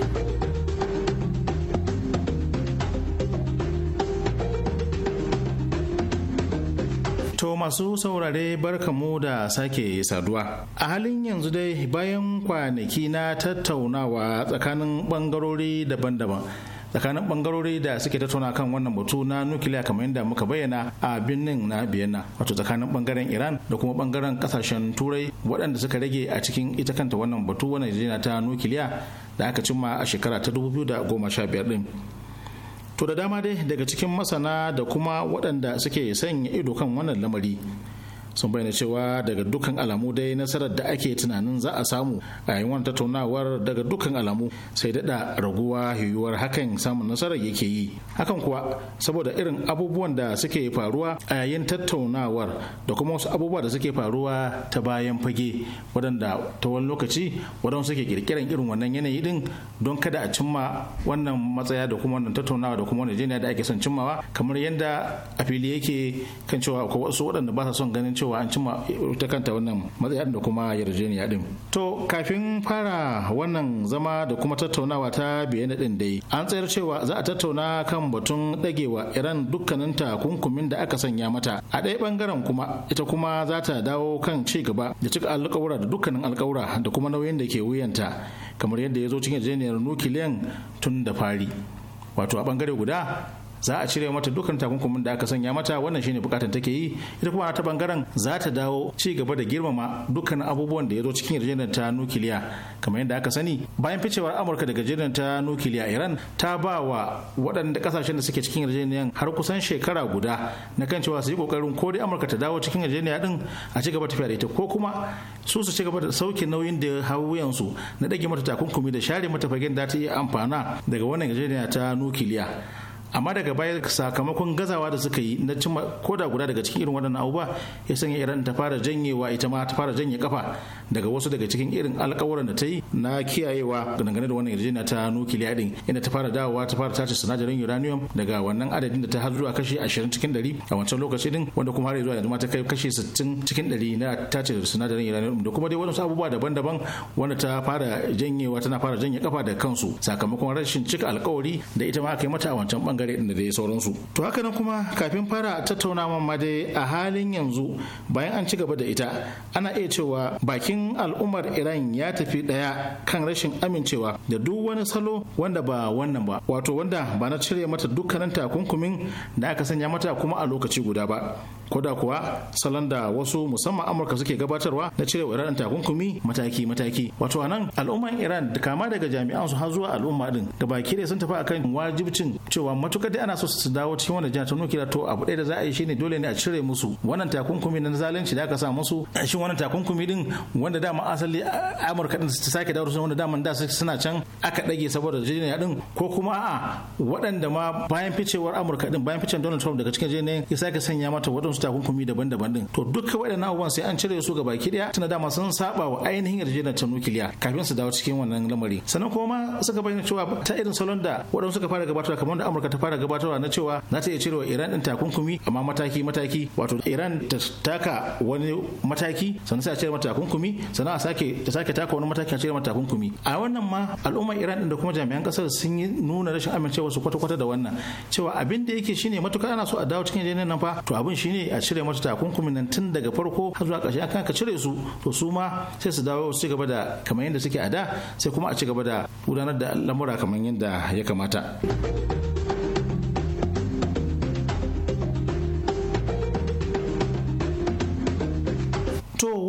C: masu saurare barkamu da sake saduwa. A halin yanzu dai bayan kwanaki na tattaunawa tsakanin bangarori daban-daban. tsakanin bangarori da suke tattauna kan wannan batu na nukiliya kamar yadda muka bayyana a birnin na biyana wato tsakanin bangaren iran da kuma bangaren kasashen turai waɗanda suka rage a cikin ita kanta wannan batu wannan jina ta nukiliya da aka cimma a shekara ta 2015 din to da dama dai daga cikin masana da kuma waɗanda suke sanya ido kan wannan lamari sun bayyana cewa daga dukkan alamu dai nasarar da ake tunanin za a samu a yayin wani tattaunawar daga dukkan alamu sai daɗa raguwa yiwuwar hakan samun nasarar yake yi hakan kuwa saboda irin abubuwan da suke faruwa a yayin tattaunawar da kuma wasu abubuwa da suke faruwa ta bayan fage waɗanda ta wani lokaci waɗanda suke kirkiran irin wannan yanayi din don kada a cimma wannan matsaya da kuma wannan tattaunawa da kuma wannan jiniya da ake son cimmawa kamar yadda a fili yake kan cewa akwai wasu waɗanda ba sa son ganin cewa cewa an cima ta kanta wannan matsayar da kuma yarjejeniya din to kafin fara wannan zama da kuma tattaunawa ta biyan din dai an tsayar cewa za a tattauna kan batun dagewa iran dukkanin takunkumin da aka sanya mata a ɗaya bangaren kuma ita kuma za ta dawo kan ci gaba da cika alƙawura da dukkanin alƙawura da kuma nauyin da ke wuyanta kamar yadda ya zo cikin yarjejeniyar nukiliyan tun da fari wato a bangare guda za a cire mata dukkan takunkumin da aka sanya mata wannan shine bukatun take yi ita kuma ta bangaren za ta dawo ci gaba da girmama dukkan abubuwan da ya zo cikin yarjejeniyar ta nukiliya kamar yadda aka sani bayan ficewar amurka daga yarjejeniyar ta nukiliya iran ta ba wa waɗanda kasashen da suke cikin yarjejeniyar har kusan shekara guda na kan cewa su yi kokarin ko dai amurka ta dawo cikin yarjejeniyar din a ci gaba tafiya da ita ko kuma su su ci gaba da sauke nauyin da su na ɗage mata takunkumi da share mata fagen da ta iya amfana daga wannan yarjejeniyar ta nukiliya amma daga baya sakamakon gazawa da suka yi na cimma koda guda daga cikin irin waɗannan abubuwa ya sanya iran ta fara janyewa ita ma ta fara janye kafa daga wasu daga cikin irin alkawuran da ta yi na kiyayewa dangane da wannan yarjejeniya ta nukiliya din inda ta fara dawowa ta fara tace sinadarin uranium daga wannan adadin da ta har zuwa kashi 20 cikin 100 a wancan lokaci din wanda kuma har zuwa yanzu ma ta kai kashi 60 cikin 100 na tace sinadarin uranium da kuma dai wasu abubuwa daban-daban wanda ta fara janyewa tana fara janye kafa da kansu sakamakon rashin cika alkawari da ita ma aka yi mata a wancan bangare dare da dai sauransu to haka nan kuma kafin fara tattaunawa ma dai a halin yanzu bayan an ci gaba da ita ana iya cewa bakin al'ummar iran ya tafi daya kan rashin amincewa da duk wani salo wanda ba wannan ba wato wanda ba na cire mata dukkanin takunkumin da aka sanya mata kuma a lokaci guda ba koda kuwa salon da wasu musamman amurka suke gabatarwa na cire wa iran takunkumi mataki mataki wato anan al'umman iran kama daga jami'an su har zuwa al'umma din da baki sun tafi akan wajibcin cewa matukar dai ana so su dawo cikin wannan jihar tunu kira to abu ɗaya da za a yi shine dole ne a cire musu wannan takunkumi na zalunci da aka sa musu shin wannan takunkumi din wanda dama asali amurka din su sake dawo su wanda dama da suna can aka ɗage saboda jiniya din ko kuma a'a waɗanda ma bayan ficewar amurka din bayan ficewar donald trump daga cikin jiniya ya sake sanya mata waɗansu takunkumi daban-daban din to duka waɗannan abubuwan sai an cire su ga baki ɗaya tana dama sun saba wa ainihin yarjejeniyar ta nukiliya kafin su dawo cikin wannan lamari sannan kuma suka bayyana cewa ta irin salon da waɗansu suka fara gabatarwa kamar da amurka ta fara gabatarwa na cewa za ta iya cirewa Iran din takunkumi amma mataki mataki wato Iran ta taka wani mataki sannan sai a cire mata takunkumi sannan a sake ta sake taka wani mataki a cire mata takunkumi a wannan ma al'ummar Iran din da kuma jami'an kasar sun yi nuna rashin amincewa su kwata-kwata da wannan cewa abin da yake shine matukar ana so a dawo cikin yanayin nan fa to abin shine a cire mata takunkumi nan tun daga farko har zuwa ƙarshe aka cire su to su ma sai su dawo su ci gaba da kamar yadda suke a da sai kuma a ci gaba da gudanar da lamura kamar yadda ya kamata.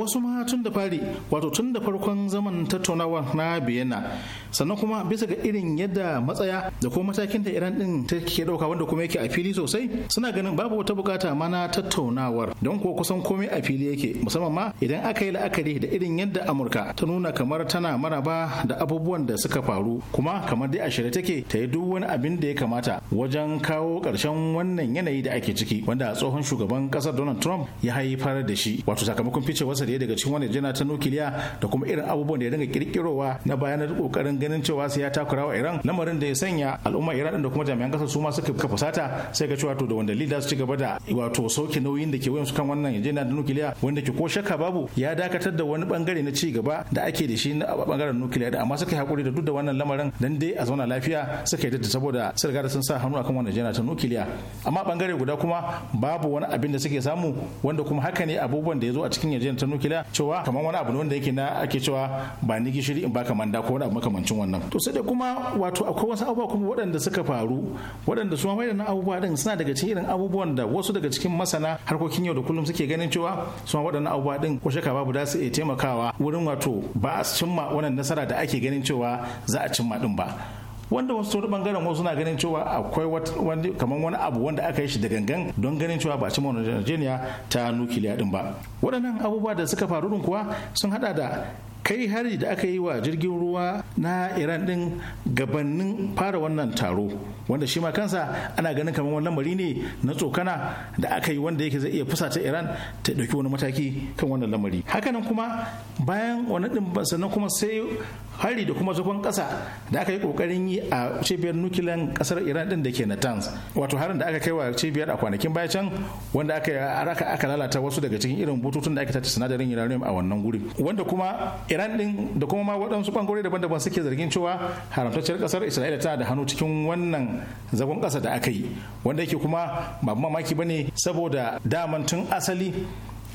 C: wasu ma tun da fari wato tun da farkon zaman tattaunawa na biyana sannan kuma bisa ga irin yadda matsaya da kuma matakin da iran din ta ke dauka wanda kuma yake a fili sosai suna ganin babu wata bukata ma na tattaunawar don ko kusan komai a fili yake musamman ma idan aka yi la'akari da irin yadda amurka ta nuna kamar tana maraba da abubuwan da suka faru kuma kamar dai a shirye take ta yi duk wani abin da ya kamata wajen kawo ƙarshen wannan yanayi da ake ciki wanda tsohon shugaban kasar donald trump ya haifar da shi wato sakamakon ficewarsa da daga cikin wani jana ta nukiliya da kuma irin abubuwan da ya dinga kirkirowa na bayanar kokarin ganin cewa sai ya takura wa Iran lamarin da ya sanya al'umma Iran da kuma jami'an kasa su ma suka kafa sai ga cewa to da wanda leader su ci gaba da wato sauke nauyin da ke wayansu kan wannan yajena da nukiliya wanda ke ko shakka babu ya dakatar da wani bangare na ci gaba da ake da shi na bangaren nukiliya da amma suka yi hakuri da duk da wannan lamarin dan dai a zauna lafiya suka yi da saboda sun riga sun sa hannu akan wannan yajena ta nukiliya amma bangare guda kuma babu wani abin da suke samu wanda kuma haka ne abubuwan da ya zo a cikin yajena ta nukiliya cewa kamar wani abu ne wanda yake na ake cewa ba ni gishiri in baka manda ko wani abu makamancin wannan to sai da kuma wato akwai wasu abubuwa kuma waɗanda suka faru waɗanda su mai da abubuwa din suna daga cikin irin abubuwan da wasu daga cikin masana harkokin yau da kullum suke ganin cewa su waɗannan abubuwa din ko shaka babu da su iya taimakawa wurin wato ba a cimma wannan nasara da ake ganin cewa za a cimma din ba wanda wasu wani bangaren wasu na ganin cewa akwai wani kamar wani abu wanda aka yi shi da gangan don ganin cewa ba cimma Nigeria ta nukiliya din ba waɗannan abubuwa da suka faru din kuwa sun hada da kai hari da aka yi wa jirgin ruwa na iran din gabanin fara wannan taro wanda shi ma kansa ana ganin kamar wani lamari ne na tsokana da aka yi wanda yake zai iya fusata iran ta ɗauki wani mataki kan wannan lamari hakanan kuma bayan wani din sannan kuma sai hari da kuma zafin kasa da aka yi kokarin yi a cibiyar nukilan kasar iran din da ke natanz wato harin da aka kai wa cibiyar a kwanakin baya can wanda aka raka aka lalata wasu daga cikin irin bututun da aka tace sinadarin uranium a wannan guri wanda kuma iran din da kuma ma waɗansu bangarori daban-daban suke zargin cewa haramtacciyar kasar isra'ila tana da hannu cikin wannan zagon kasa da aka yi wanda yake kuma ba mamaki ba ne saboda daman tun asali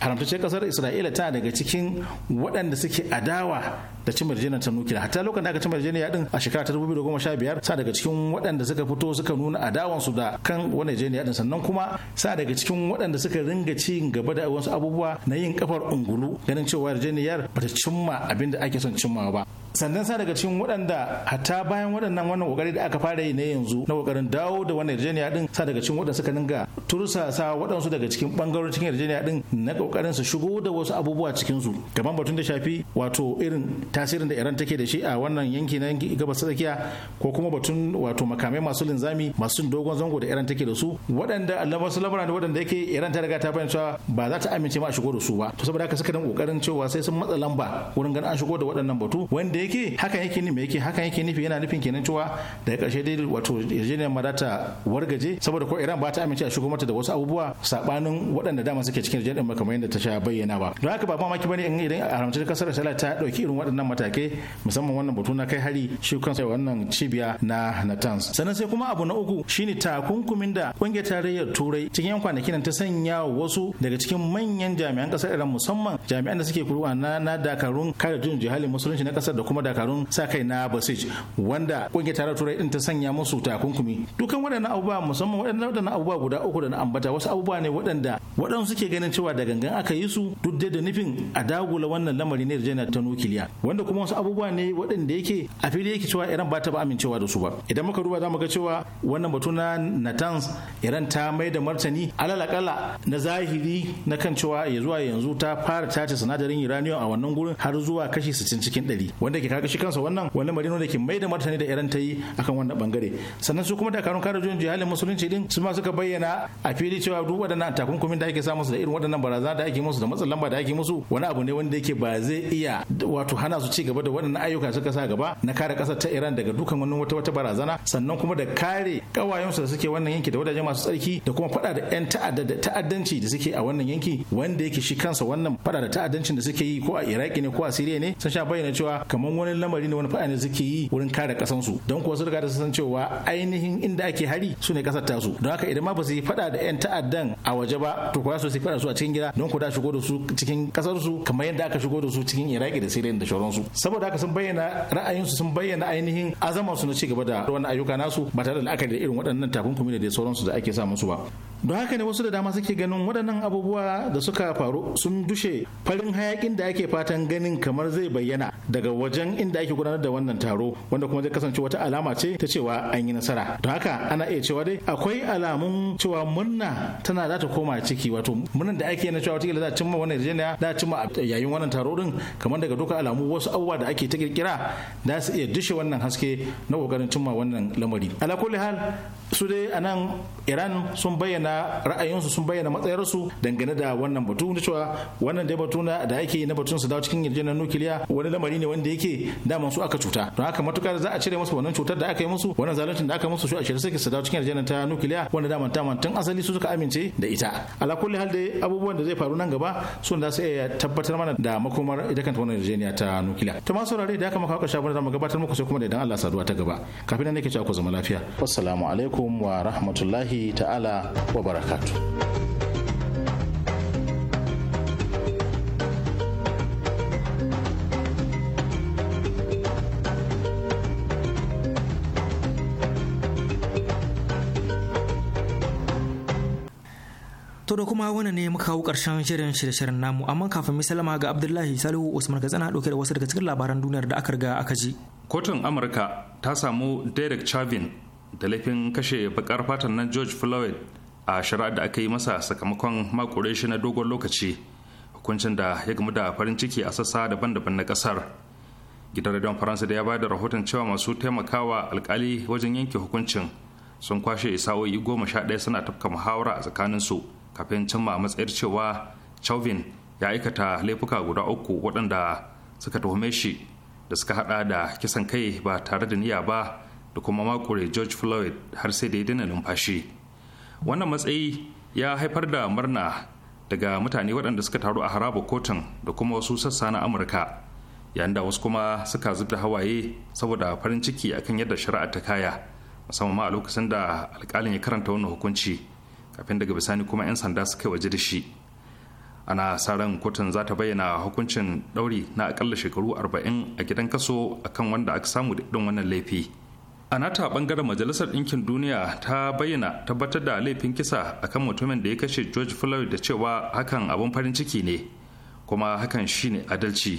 C: haramtacciyar kasar isra'ila tana daga cikin waɗanda suke adawa da cimar yarjejeniyar ta nukiliya hatta lokacin da aka cimar yarjejeniya din a shekara ta 2015 sa daga cikin waɗanda suka fito suka nuna adawansu da kan wani yarjejeniya din sannan kuma sa daga cikin waɗanda suka ringa ci gaba da wasu abubuwa na yin kafar ungulu ganin cewa yarjejeniyar bata cimma abin da ake son cimma ba sannan sa daga cikin waɗanda hatta bayan waɗannan wannan kokari da aka fara yi na yanzu na kokarin dawo da wannan yarjejeniya din sa daga cikin waɗanda suka ninga. turusa sa waɗansu daga cikin bangarorin cikin yarjejeniya din na kokarin su shigo da wasu abubuwa cikin su gaban batun da shafi wato irin tasirin da iran take da shi a wannan yanki na gabas tsakiya ko kuma batun wato makamai masu linzami masu dogon zango da iran take da su waɗanda allabasu lamura da waɗanda yake iran ta riga ta bayyana cewa ba za ta amince ma a shigo da su ba to saboda haka suka dan kokarin cewa sai sun matsa lamba wurin ganin an shigo da waɗannan batu wanda yake hakan yake nufi yake hakan yake nufi yana nufin kenan cewa daga ƙarshe dai wato yarjejeniyar ma za ta wargaje saboda ko iran ba ta amince a shigo mata da wasu abubuwa sabanin waɗanda dama suke cikin yarjejeniyar kamar yadda ta sha bayyana ba don haka ba mamaki bane idan a haramci kasar sala ta dauki irin waɗannan waɗannan matakai musamman wannan batu na kai hari shi kansa wannan cibiya na Natanz. Sannan sai kuma abu na uku shine takunkumin da kungiyar tarayyar Turai cikin yan nan ta sanya wasu daga cikin manyan jami'an kasar Iran musamman jami'an da suke kuruwa na, na dakarun kare jin jihalin musulunci na kasar da kuma dakarun sa kai na Basij wanda kungiyar tarayyar Turai din ta sanya musu takunkumi. Dukan waɗannan abubuwa musamman waɗannan abubuwa guda uku da na ambata wasu abubuwa ne waɗanda waɗansu suke ganin cewa da gangan aka yi su duk da nufin a dagula wannan lamari ne da jana ta nukiliya. wanda kuma wasu abubuwa ne waɗanda yake a fili yake cewa Iran ba ta ba amincewa da su ba idan muka duba za mu ga cewa wannan batu na Natanz Iran ta mai da martani alalakala na zahiri na kan cewa ya zuwa yanzu ta fara tace sinadarin uranium a wannan gurin har zuwa kashi 60 cikin 100 wanda ke kaga shi kansa wannan wani marino da ke mai da martani da Iran ta yi akan wannan bangare sannan su kuma dakarun kare juyin jihalin musulunci din su ma suka bayyana a fili cewa duk waɗannan takunkumin da ake samu da irin waɗannan barazana da ake musu da matsin lamba da ake musu wani abu ne wanda yake ba zai iya wato hana su ci gaba da waɗannan ayyuka suka sa gaba na kare ƙasar ta Iran daga dukan wani wata wata barazana sannan kuma da kare kawayensu da suke wannan yanki da wadajen masu tsarki da kuma faɗa da 'yan ta'adda da ta'addanci da suke a wannan yanki wanda yake shi kansa wannan faɗa da ta'addancin da suke yi ko a Iraki ne ko a Syria ne sun sha bayyana cewa kamar wani lamari ne wani faɗa ne suke yi wurin kare su don kuwa su riga da san cewa ainihin inda ake hari su ne ƙasar tasu don haka idan ma ba su yi faɗa da 'yan ta'addan a waje ba to kuwa su faɗa su a cikin gida don ku da shigo da su cikin ƙasarsu kamar yadda aka shigo da su cikin Iraki da Syria da sauransu saboda haka sun bayyana ra'ayinsu sun bayyana ainihin azama su na ci gaba da wannan ayyuka nasu ba tare da la'akari da irin waɗannan takunkumi da dai sauransu da ake sa musu ba don haka ne wasu da dama suke ganin waɗannan abubuwa da suka faru sun dushe farin hayakin da ake fatan ganin kamar zai bayyana daga wajen inda ake gudanar da wannan taro wanda kuma zai kasance wata alama ce ta cewa an yi nasara don haka ana iya cewa dai akwai alamun cewa murna tana za ta koma ciki wato murnan da ake na cewa wata za a cimma wannan yarjejeniya za a cimma yayin wannan taro din kamar daga duka alamu wasu abubuwa da ake ta kirkira za su iya dushe wannan haske na kokarin cimma wannan lamari ala kulli hal su dai anan iran sun bayyana bayyana ra'ayinsu sun bayyana matsayarsu dangane da wannan batu da cewa wannan dai batu na da ake na batun su dawo cikin yarjejeniyar nukiliya wani lamari ne wanda yake daman su aka cuta don haka matukar za a cire musu wannan cutar da aka yi musu wannan zaluncin da aka musu su a shirye suke su dawo cikin yarjejeniyar ta nukiliya wanda daman daman tun asali su suka amince da ita ala kulli hal dai abubuwan da zai faru nan gaba su da su iya tabbatar mana da makomar ita kanta wannan yarjejeniya ta nukiliya to masu saurare da aka maka kasha bana mu gabatar muku sai kuma da idan Allah saduwa ta gaba kafin nan nake cewa ku zama lafiya assalamu alaikum wa rahmatullahi ta'ala wa wa barakatu.
A: To da kuma wannan ne muka kawo ƙarshen shirin shirye-shiryen namu amma kafin mu salama ga Abdullahi Salihu Usman Katsina ɗauke da wasu daga cikin labaran duniyar da aka riga aka ji.
B: Kotun Amurka ta samu Derek Chauvin da laifin kashe bakar fatan na George Floyd a shari'ar da aka yi masa sakamakon makure shi na dogon lokaci hukuncin da ya gamu da farin ciki a sassa daban-daban na kasar gidan radon faransa da ya ba da rahoton cewa masu taimakawa alkali wajen yanke hukuncin sun kwashe sa'o'i goma sha ɗaya suna tafka muhawara a tsakaninsu kafin cimma matsayar cewa chauvin ya aikata laifuka guda uku waɗanda suka tuhume shi da suka hada da kisan kai ba tare da niyya ba da kuma makure george floyd har sai da ya daina numfashi wannan matsayi ya haifar da murna daga mutane waɗanda suka taru a haraba kotun da kuma wasu sassa na amurka yayin da wasu kuma suka da hawaye saboda farin ciki akan yadda shari'a ta kaya musamman ma a lokacin da alƙalin ya karanta wannan hukunci kafin daga bisani kuma 'yan sanda suka waje da shi ana sa ran kotun za ta bayyana hukuncin ɗauri na akalla shekaru arba'in a gidan kaso akan wanda aka samu da irin wannan laifi a nata bangaren majalisar ɗinkin duniya ta bayyana tabbatar da laifin kisa akan mutumin da ya kashe george floyd da cewa hakan abin farin ciki ne kuma hakan shine adalci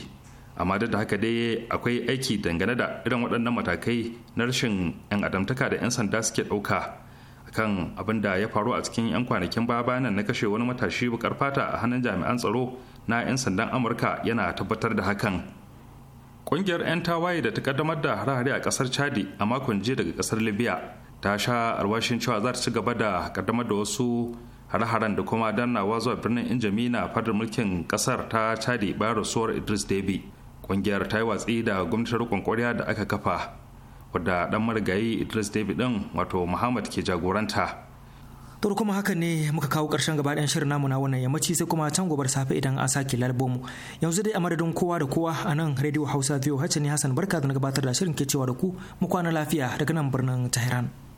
B: amma duk da haka dai akwai aiki dangane da irin waɗannan matakai na rashin 'yan adamtaka da 'yan sanda suke ɗauka kan abin da ya faru a cikin 'yan kwanakin baya bayanan na kashe wani matashi bukar fata a hannun jami'an tsaro na 'yan sandan amurka yana tabbatar da hakan ƙungiyar 'yan tawaye da ta kaddamar da hare-hare a ƙasar chadi a makon jiya daga ƙasar libya ta sha alwashin cewa za ta ci gaba da kaddamar da wasu hare-haren da kuma dannawa zuwa birnin injami na fadar mulkin ƙasar ta chadi bayan rasuwar idris debi ƙungiyar ta yi watsi da gwamnatin riƙon da aka kafa wadda ɗan marigayi idris debi ɗin wato muhammad ke jagoranta
A: To kuma haka ne muka kawo ƙarshen gaba ɗayan shirin namu wannan yammaci sai kuma can gobar safe idan an sake lalbomu. Yanzu dai a madadin kowa da kowa a nan Radio Hausa VOH ne Hassan Barka da na gabatar da shirin ke cewa da ku mu kwana lafiya daga nan birnin Tehran.